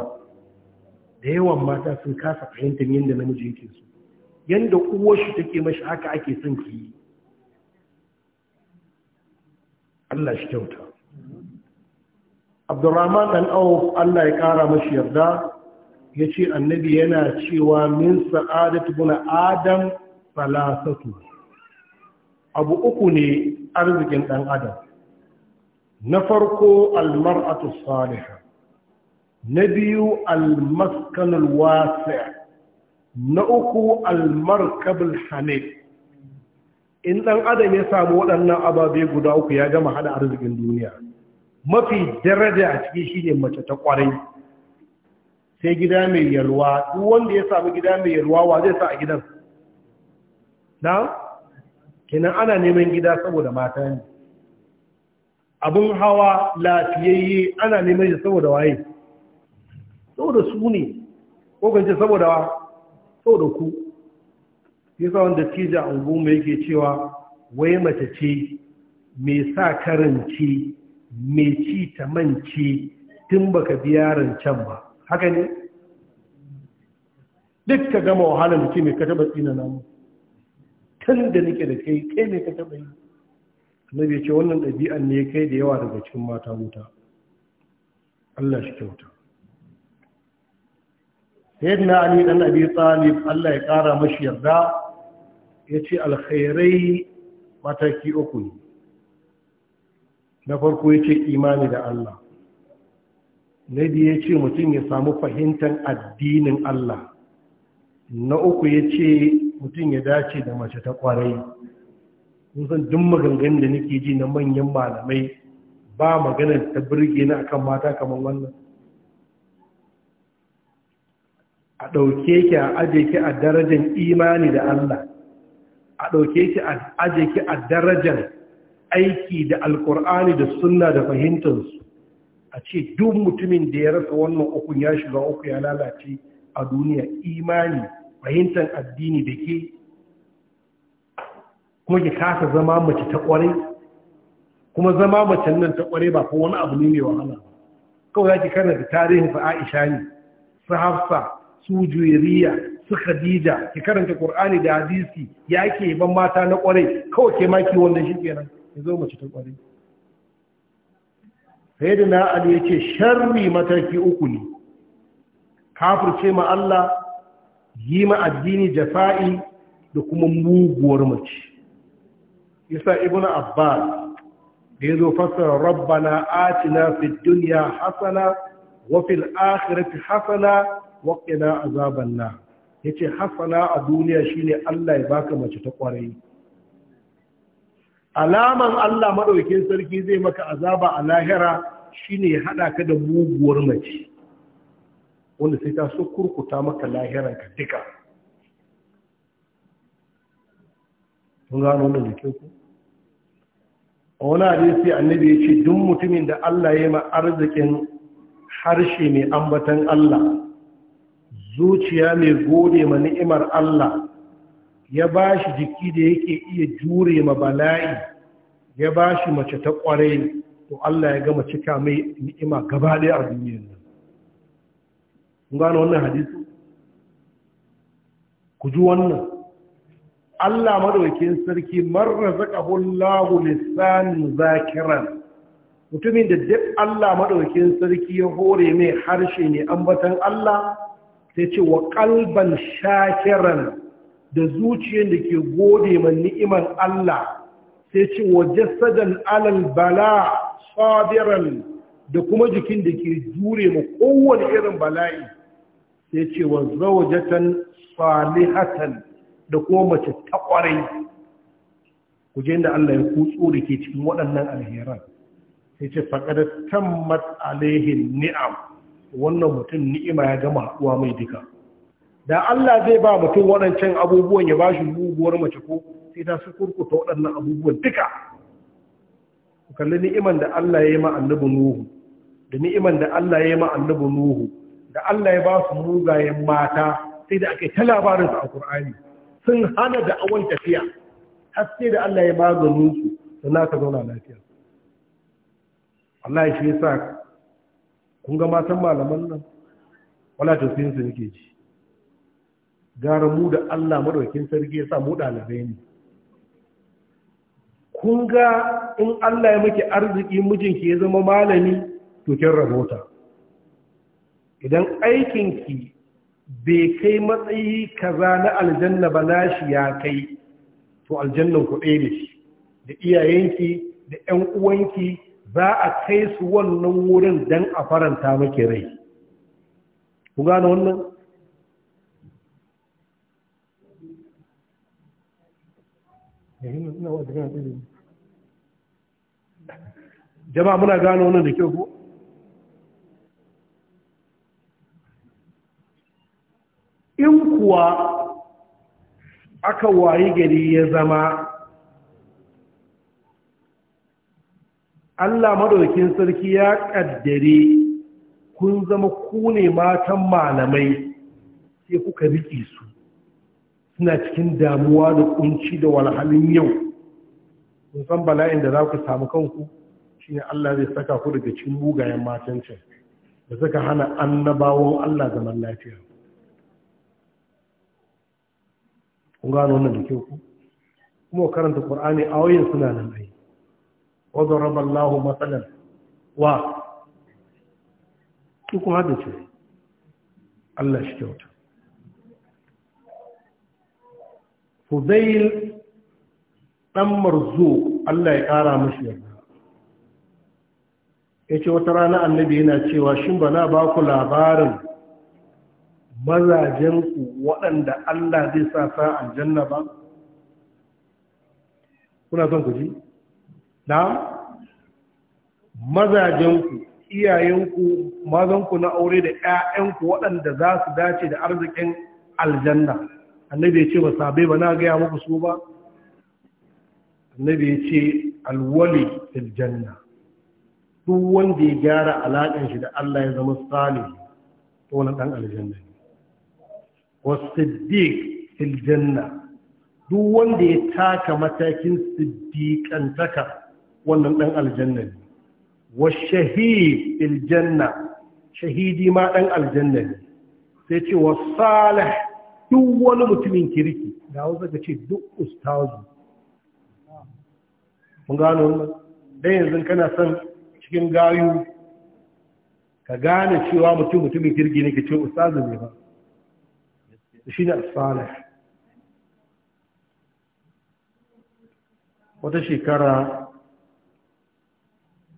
da yawan mata sun kasa fahimtar yadda namiji yake su yadda uwarshi take mashi haka ake son ki yi Allah shi kyauta abdurrahman dan auf Allah ya kara mashi yarda yace annabi yana cewa min sa'adatu bin adam salasatu abu uku ne arzikin dan adam na farko almar'atu salihah na biyu almaskanul wasi' na uku almarkabul hamid in ɗan adam ya samu waɗannan ababe guda uku ya gama hada arzikin duniya mafi daraja a ciki shine mace ta kwarai sai gida mai yalwa duk wanda ya samu gida mai yalwa wa zai sa a gidan na kenan ana neman gida saboda mata ne abin hawa lafiyayye ana neman shi saboda waye saboda su ne ko saboda wa saboda ku yasa wanda tija angoma yake cewa wai mace ce mai sa karanci mai ci ta mance tun baka biya rancen ba haka ne duk ka gama wahalar da ke mai ka taba tsina namu tun da nake da kai kai mai ka taba yi na bai ce wannan ɗabi'an ne kai da yawa daga cikin mata wuta Allah shi kyauta na ali dan abi talib Allah ya kara mashi yarda ya yace alkhairai mataki uku ne na farko ya ce imani da Allah na biyu ya ce mutum ya samu fahimtar addinin Allah na uku ya ce mutum ya dace da mace ta kwarai san duk maganganun da nake ji na manyan malamai ba maganar ta birge na akan mata kamar wannan a ɗauke ki a aje ki a darajar imani da Allah a ɗauke ki a aje ki a darajar aiki da alkur'ani da sunna da fahimtarsu a ce duk mutumin da ya rasa wannan ukun ya shiga uku ya lalace a duniya imani fahimtar addini da ke kuma ki kasa zama mace ta kwarai kuma zama mace nan ta kware ba ko wani abu ne mai wahala kawai ya ki karanta tarihin sa Aisha ne su Hafsa su Juwairiya su Khadija ki karanta Qur'ani da hadisi yake ban mata na kwarai kawai ke maki wannan shi kenan ya zo mace ta ƙwari sai da ali ya ce sharri mataki uku ne ce ma Allah yi ma addini jafa'i da kuma muguwar mace isa ibn abbas da ya zo fassara rabbana atina fid dunya hasana wa fil akhirati hasana wa qina azaban nar yace hasana a duniya shine Allah ya baka mace ta kwarai alaman Allah maɗaukin sarki zai maka azaba a lahira shine ya haɗa ka da muguwar mace wanda sai ta so kurkuta maka lahiran ka duka kun gano wannan jikin ku a wani hadisi annabi ya ce duk mutumin da Allah ya ma arzikin harshe mai ambatan Allah zuciya mai gode ma ni'imar Allah ya ba shi jiki da yake iya jure ma bala'i ya ba shi mace ta ƙwarai, to Allah ya gama cika mai ni'ima gaba ɗaya a duniyar nan kun gane wannan hadisi ku ji wannan Allah madaukakin sarki marrazaqahu Allahu lisanan zakiran mutumin da duk Allah madaukakin sarki ya hore mai harshe ne ambatan Allah sai ce wa qalban shakiran da zuciyar da ke gode ma ni'iman Allah sai ce wa jasadan alal bala sabiran da kuma jikin da ke jure ma kowane irin bala'i sai ce wa zawajatan salihatan da kuma mace ta kwarai ku je da Allah ya kutso da ke cikin waɗannan alheran sai ce faƙadar tammat alaihin ni'am wannan mutum ni'ima ya gama haɗuwa mai duka da Allah zai ba mutum waɗancan abubuwan ya ba shi muguwar mace ko sai ta su kurkuta waɗannan abubuwan duka ku kalli ni'iman da Allah ya yi ma annabi Nuhu da ni'iman da Allah ya yi ma annabi Nuhu da Allah ya ba su mugayen mata sai da aka yi ta labarin su a Kur'ani sun hana da awon tafiya har sai da Allah ya maganin su sannan ka zauna lafiya Allah ya shi yasa kun ga matan malaman nan wala tausayin su nake ji gara mu da Allah madaukin sarki ya sa mu ɗalibai ne kun ga in Allah ya maki arziki mijinki ya zama malami to kin rabota idan aikinki bai kai matsayi kaza na aljanna ba nashi ya kai to aljannan ku ɗaya da da iyayenki da ƴan uwanki za a kai su wannan wurin dan a faranta maki rai ku gane wannan jama'a muna gano wannan da kyau ko in kuwa aka wayi gari ya zama Allah madaukin sarki ya kaddare kun zama ku ne matan malamai sai kuka riƙe su suna cikin damuwa da kunci da walhalin yau Sun san bala'in da za ku samu kanku shine Allah zai saka ku daga cikin mugayen matancin da suka hana annabawan Allah zaman lafiya kun gano wannan da kyau ku kuma karanta Qur'ani ayoyin suna nan ai وضرب الله wa. و duk hada ce Allah shi kyauta fudail ɗan marzu Allah ya ƙara mashi yarda ya ce wata rana annabi yana cewa shin ba na ba ku labarin mazajenku waɗanda Allah zai sa sa aljanna ba? kuna son ku ji? na? mazajenku iyayenku mazanku na aure da 'ya'yanku waɗanda za su dace da arzikin aljanna annabi ya ce ba sabe ba na gaya muku su ba annabi ya ce alwali fil janna duk wanda ya gyara alaƙan shi da Allah ya zama Salihu ta wani dan aljanna ne wasiddiq fil duk wanda ya taka matakin siddiƙantaka wannan dan aljanna ne washahid fil shahidi ma dan aljanna ne sai ce Salihu. duk wani mutumin kirki da wasu ka ce duk ustazu mun gano wannan dan yanzu kana son cikin gayu ka gane cewa mutum mutumin kirki ne ka ce ustazu ne ba shi ne asalih wata shekara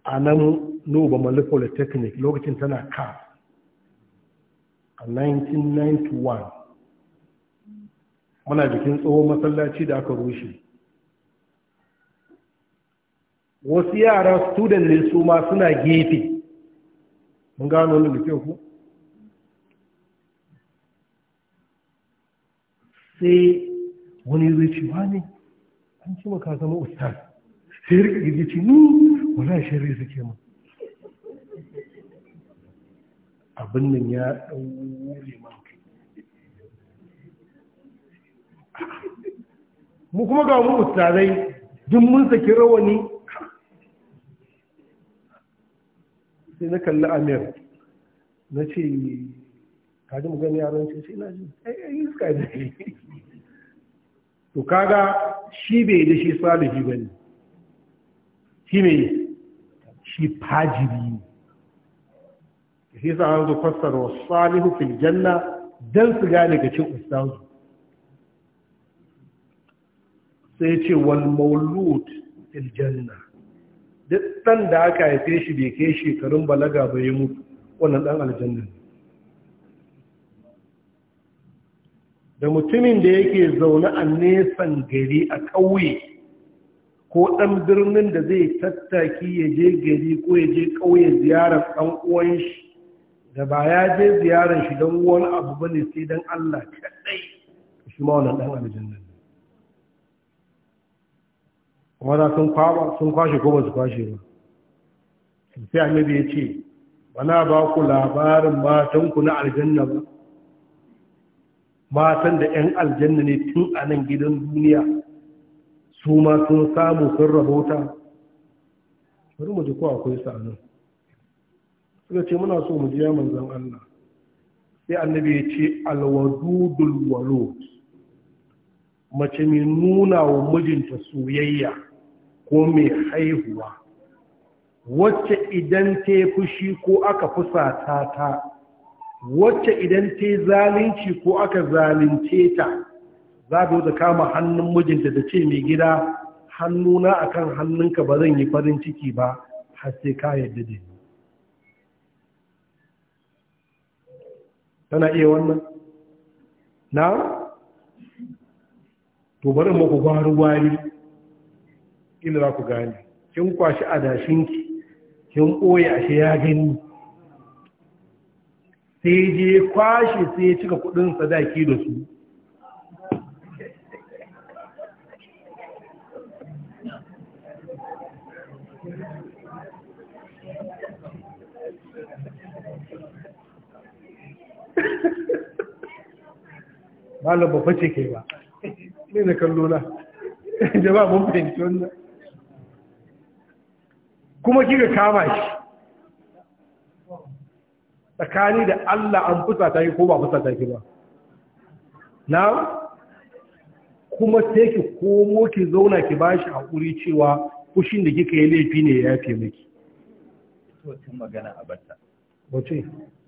a nan nuba mali polytechnic lokacin tana ka a 1991 muna jikin tsohon masallaci da aka rushe wasu yara student ne su ma suna gefe mun gano wani da kyau ku sai wani zai ce wani an ci maka zama ustaz sai rika girgi ce ni wala shirri suke mu abin nan ya ɗaure man mu kuma ga mu ustazai duk mun saki rawani sai na kalli amir na ce kaji mu gani yaron ce sai na ji ai iska ne to kaga shi bai da shi salihi bane shi ne shi fajiri ne shi sa an zo fassara wa salihu fil janna dan su gane ga cin ustazu sai ce wal maulud fil janna duk dan da aka haife shi bai kai shekarun balaga ba ya mutu wannan dan aljanna da mutumin da yake zaune a nesan gari a ƙauye ko ɗan birnin da zai tattaki ya je gari ko ya je ƙauye ziyarar ɗan uwan shi da ba ya je ziyarar shi don wani abu ba ne sai don Allah kaɗai shi ma wannan ɗan aljanna wanda sun kwaba sun kwashe ko ba su kwashe ba sai annabi ya ce bana ba ku labarin matanku na aljanna ba matan da 'yan aljanna ne tun a nan gidan duniya su ma sun samu sun rahota bari mu ji ko akwai sa'anin suka ce muna so mu ji ya manzan Allah sai annabi ya ce alwadudul walud mace mai nuna wa mijinta soyayya ko mai haihuwa wacce idan ta yi fushi ko aka fusata ta wacce idan ta yi zalunci ko aka zalunce ta za ta kama hannun mijinta da ce mai gida hannuna a kan hannunka ba zan yi farin ciki ba har sai ka yadda da ni tana iya wannan na to bari ku gwaru wari ina za ku gane kin kwashi ki? kin ɓoye ashe ya gani sai je kwashe sai cika kudin sadaki da su malam ba face ke ba sai na kallo na jama'a mun fahimci wannan kuma kika kama shi tsakani da Allah an fusa ta yi ko ba fusa ta yi ba na kuma sai ki komo ki zauna ki ba shi haƙuri cewa kushin da kika yi laifi ne ya yafe miki wacin magana a batta wace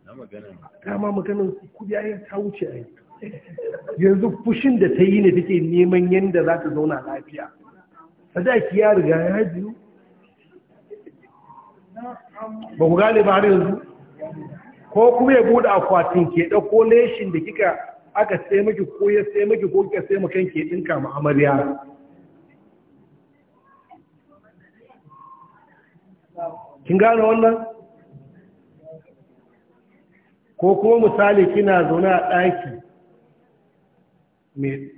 na magana ta ma maganin kudi ya ta wuce a yanzu fushin da ta yi ne take neman yadda za ta zauna lafiya sadaki ya riga ya biyu ba ku gane ba har yanzu ko kuma ya bude akwatin ke ko leshin da kika aka sai maki ko ya sai maki ko kika sai makan ke ɗinka ma amarya kin gane wannan ko kuma misali kina zaune a ɗaki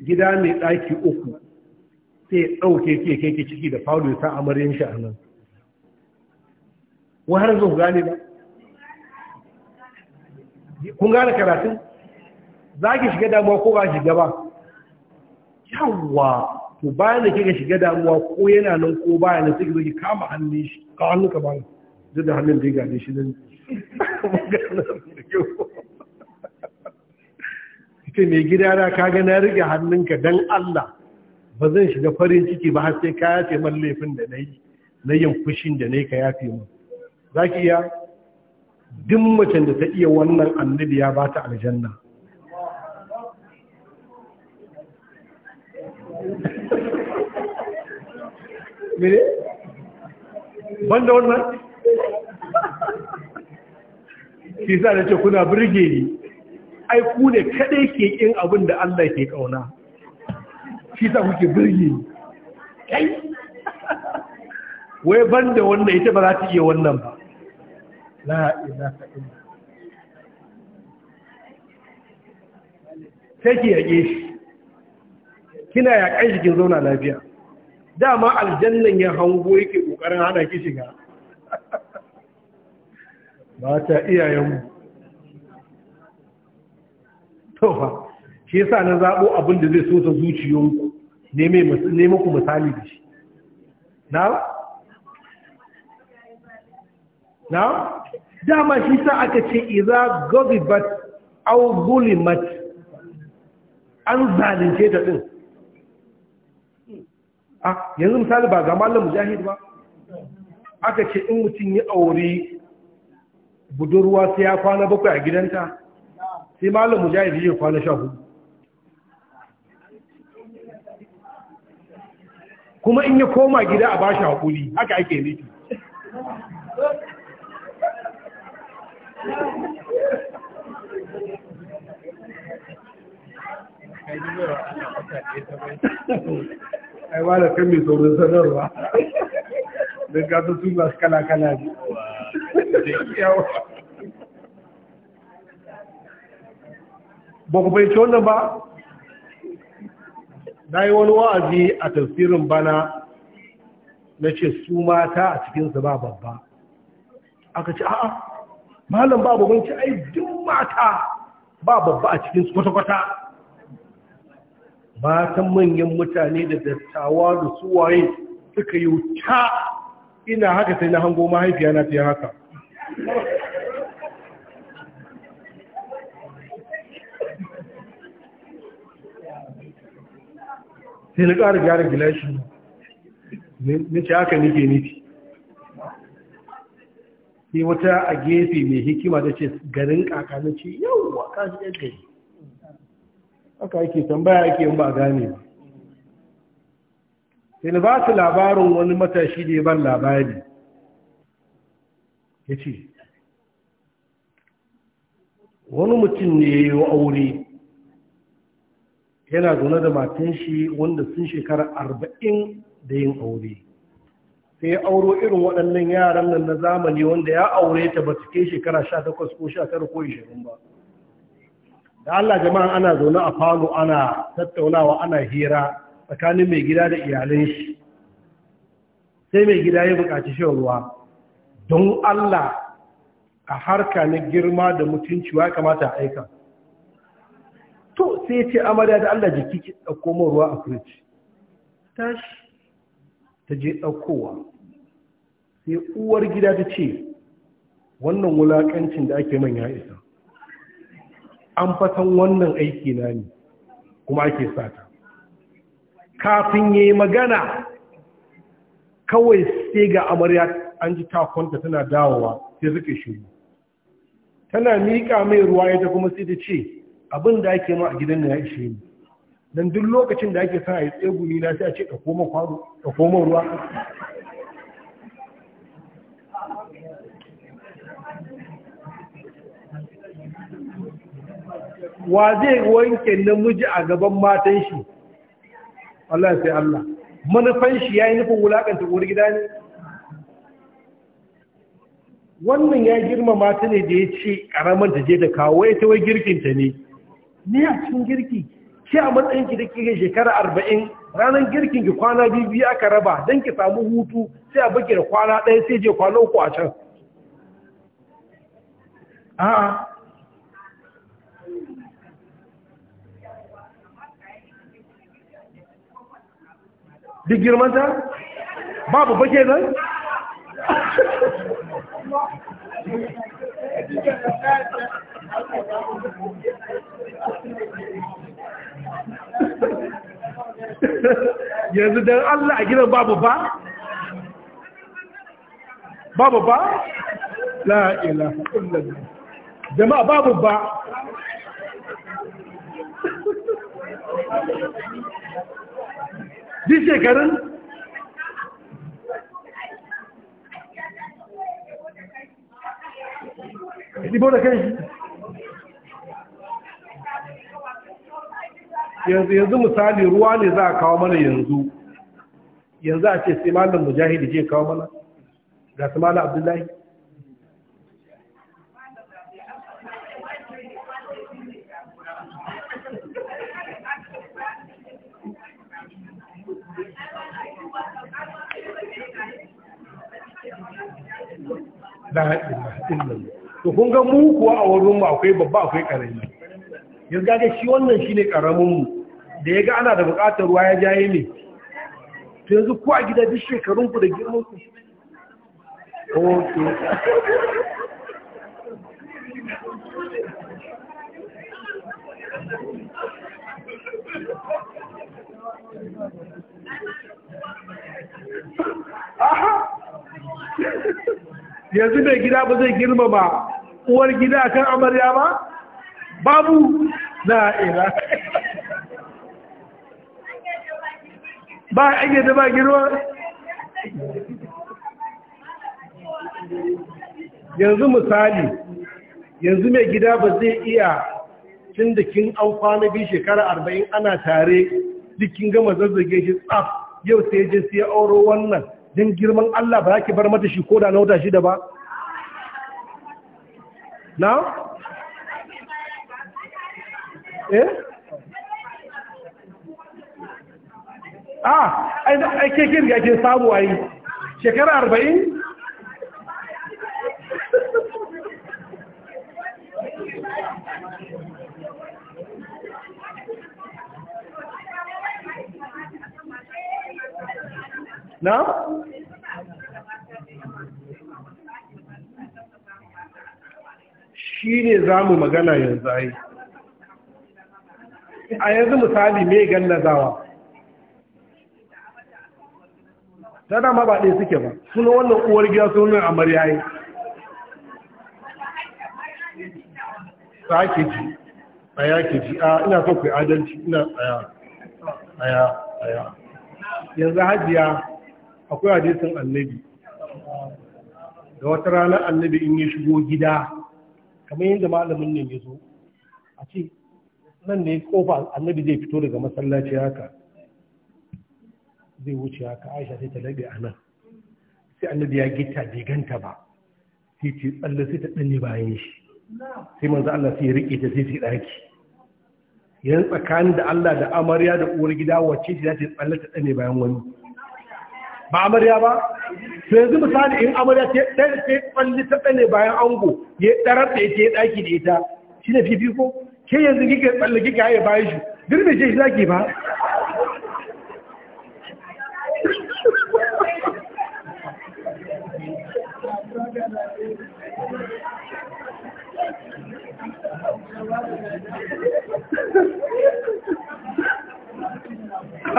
gida mai ɗaki uku sai ɗauke ke keke ciki da falo ya sa amaryan shi a nan wai har zuwa gane ba kun gane karatun za ki shiga damuwa ko ba shiga ba yawwa to bayan da kika shiga damuwa ko yana nan ko bayan da suke zoki kama hannun shi ka hannun ka ba da hannun da ya shi nan ita mai gida gidana kaga na rike hannunka don Allah ba zan shiga farin ciki ba har sai ka yafe man laifin da na yi na yin fushin da na yi ka yafe mu za ki iya duk macen da ta iya wannan annabi ya ba ta aljanna kisa da ce kuna burge ni ai ku ne kadai ke kin abin da Allah ke kauna shi sa kuke birge kai wai banda wannan ita ba za ta iya wannan ba la ilaha illa sai ki yake shi kina yakan shi kin zauna lafiya dama aljannan ya hango yake kokarin hana ki shiga ba ta iyayenmu to shi yasa na zabo abin da zai sosa zuciyoyinku ne mai ne misali da shi na na dama shi sa aka ce bat au aw mat an zalunce ta din a ah, yanzu misali ba ga malam mujahid ba aka ce in mutum ya aure budurwa sai ya kwana bakwai a gidanta sai malam mujahid ya kwana sha hudu kuma in ya koma gida a bashi haƙuri haka ake niki ai ba da kan mai saurin sanarwa don gasa su masu kala-kala ne ba ku fahimci wannan ba na yi wani wa'azi a tafsirin bana na ce su mata a cikinsu ba babba aka ce a'a malam ba babban ce ai duk mata ba babba a cikinsu kwata-kwata matan manyan mutane da dattawa da suwaye suka yi wuta ina haka sai na hango mahaifiya na fiye haka sai na ƙara gyara gilashi na ce aka nike nufi sai wata a gefe mai hikima da ce garin kaka na ce yawwa kashi ɗan yi aka yake tambaya ake yin ba a gane ba sai na ba su labarin wani matashi da ya ban labari ya ce wani mutum ne ya yi aure yana zaune da matan shi wanda sun shekara arba'in da yin aure sai auro irin waɗannan yaran nan na zamani wanda ya aure ta ba shekara sha takwas ko sha tara ko ishirin ba da Allah jama'a ana zaune a falo ana tattaunawa ana hira tsakanin mai gida da iyalin shi sai mai gida ya buƙaci shan ruwa don Allah a harka na girma da mutunci ya kamata a aika to sai ya ce amarya da Allah jiki ki ɗauko min ruwa a firij. tashi ta je ɗaukowa sai uwar gida ta ce wannan wulaƙancin da ake ya isa an fatan wannan aiki na ne kuma ake sata kafin ya yi magana kawai sai ga amarya an ji takonta tana dawowa sai suke shiru tana miƙa mai ruwa ya ta kuma sai ta ce abin da ake ma a gidan na ya ishe ni don duk lokacin da ake sa a yi tsegumi na sai a ce ka koma ruwa wa zai wanke namiji a gaban matan shi Allah sai Allah manufan shi yi nufin wulaƙanta wuri gida ne wannan ya girma mata ne da ya ce karaman ta je da kawo ya ta wai girkinta ne Ni a cikin girki ke a matsayin ki da ke shekara arba'in ranar girkin ki kwana biyu biyu aka raba don ki samu hutu sai a baki da kwana ɗaya sai je kwana uku a can a'a duk girmanta babu bake nan yanzu don Allah a gidan babu ba? babu ba? la'ila jama'a babu ba di shekarun ɗibo da kai yanzu yanzu misali ruwa ne za a kawo mana yanzu yanzu a ce sai malam mujahidi je kawo mana ga su malam abdullahi da haɗin da haɗin da to kun ga mu kuwa a wurin akwai babba akwai ƙarami yanzu ga shi wannan shi ne ƙaraminmu da ya ga ana da buƙatar ruwa ya jaye ne to yanzu ko a gida duk shekarun ku da girman ku okay yanzu mai gida ba zai girma ba uwar gida kan amarya ba babu na ira ba a yi da ba girma yanzu misali yanzu mai gida ba zai iya cin da kin an kwana biyu shekara arba'in ana tare jikin gama zazzage shi tsaf yau sai je siya auro wannan don girman Allah ba ki bar mata shi koda na wata da ba na eh A ah, ai da ake ke samu ai shekara arba'in? na? shi ne za mu magana yanzu ai a yanzu misali mai gannazawa ta dama ba ɗaya suke ba suna wannan uwar gida sunan amarya yi sake ji ya ke ji a ina so ku adalci ina tsaya tsaya tsaya yanzu hajiya akwai hadisin annabi da wata ranar annabi in ya shigo gida kamar yadda malamin ne ya zo a ce nan ne kofa annabi zai fito daga masallaci haka zai wuce haka aisha sai ta labe a nan sai annabi ya gita bai ganta ba sai ce tsalle sai ta ɗanne bayan shi sai manzo Allah sai ya rike ta sai ta daki yan tsakanin da Allah da amarya da uwar gida wacce shi za ta tsalle ta ɗanne bayan wani ba amarya ba to yanzu misali in amarya ta tsalle ta ɗanne bayan ango ya ɗarar da ita ya ɗaki da ita shi ne fifiko ke yanzu kika tsalle kika haye bayan shi dirbe ce zaki ba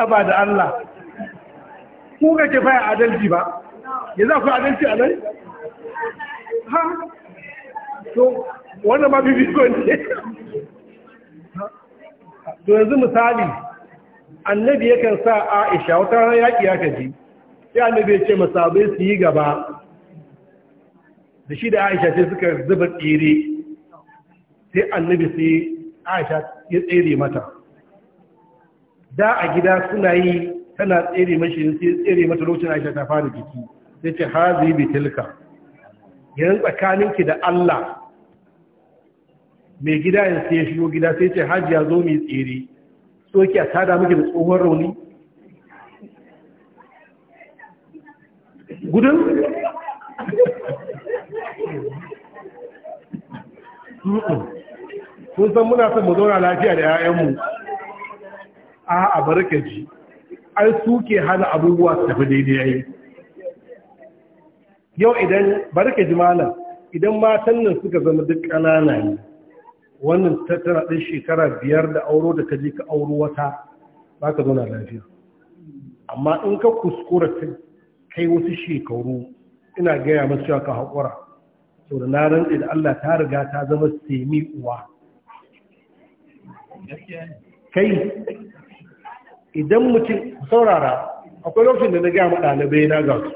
Aba da Allah ku ga ke faya adalci ba ya za ku adalci a nan? ha to wannan ma bibi ne to yanzu misali annabi yakan sa aisha wata ranar yaƙi ya kaji sai annabi ya ce masabai su yi gaba da shi da aisha sai suka zuba tsere sai annabi sai aisha ya tsere mata da a gida suna yi tana tsere mashi sai tsere mata lokacin aisha ta fara jiki sai ce hazi bi tilka yanzu tsakaninki da Allah mai gida ya sai ya shigo gida sai ce ya zo mai tsere soke a tada muke da tsohon rauni gudun sun san muna son mu zauna lafiya da 'ya'yanmu a a barkaji an suke hana abubuwa su tafi daidai yayi yau idan ji malam idan matan nan suka zama duk ƙanana ne wannan tattara ɗin shekara biyar da auro da ka je ka auro wata ba ka zauna lafiya amma in ka kuskura ta kai wasu shekaru ina gaya masu cewa ka haƙura sau da na rantse da Allah ta riga ta zama semi uwa kai idan mutum saurara akwai lokacin da na gaya ma ɗalibai na ga su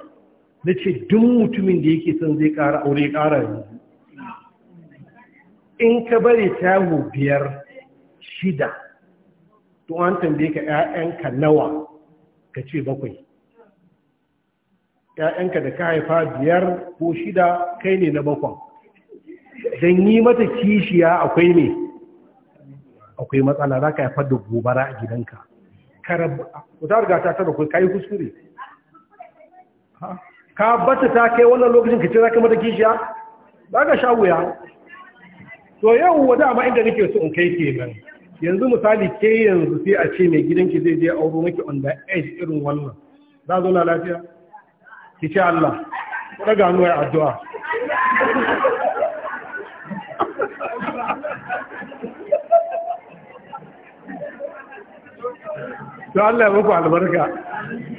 na ce duk mutumin da yake son zai ƙara aure ƙara yanzu in ka bari tahu biyar shida to an tambaye ka ‘ya'yanka nawa ka ce bakwai ‘ya'yanka da ka haifa biyar ko shida kai ne na bakwan don yi mata kishiya akwai ne akwai matsala za ka haifar da gobara a gidanka ku ta riga ta tara kai yi kuskure ka bata ta kai wannan lokacin ka ce za ka mata kishiya ba ka sha wuya to yau wa dama inda nake so in kai nan, yanzu misali ke yanzu sai a ce mai gidanki zai je auro miki on the edge irin wannan za zo na lafiya ki ce Allah ku daga hannu addu'a to Allah ya muku albarka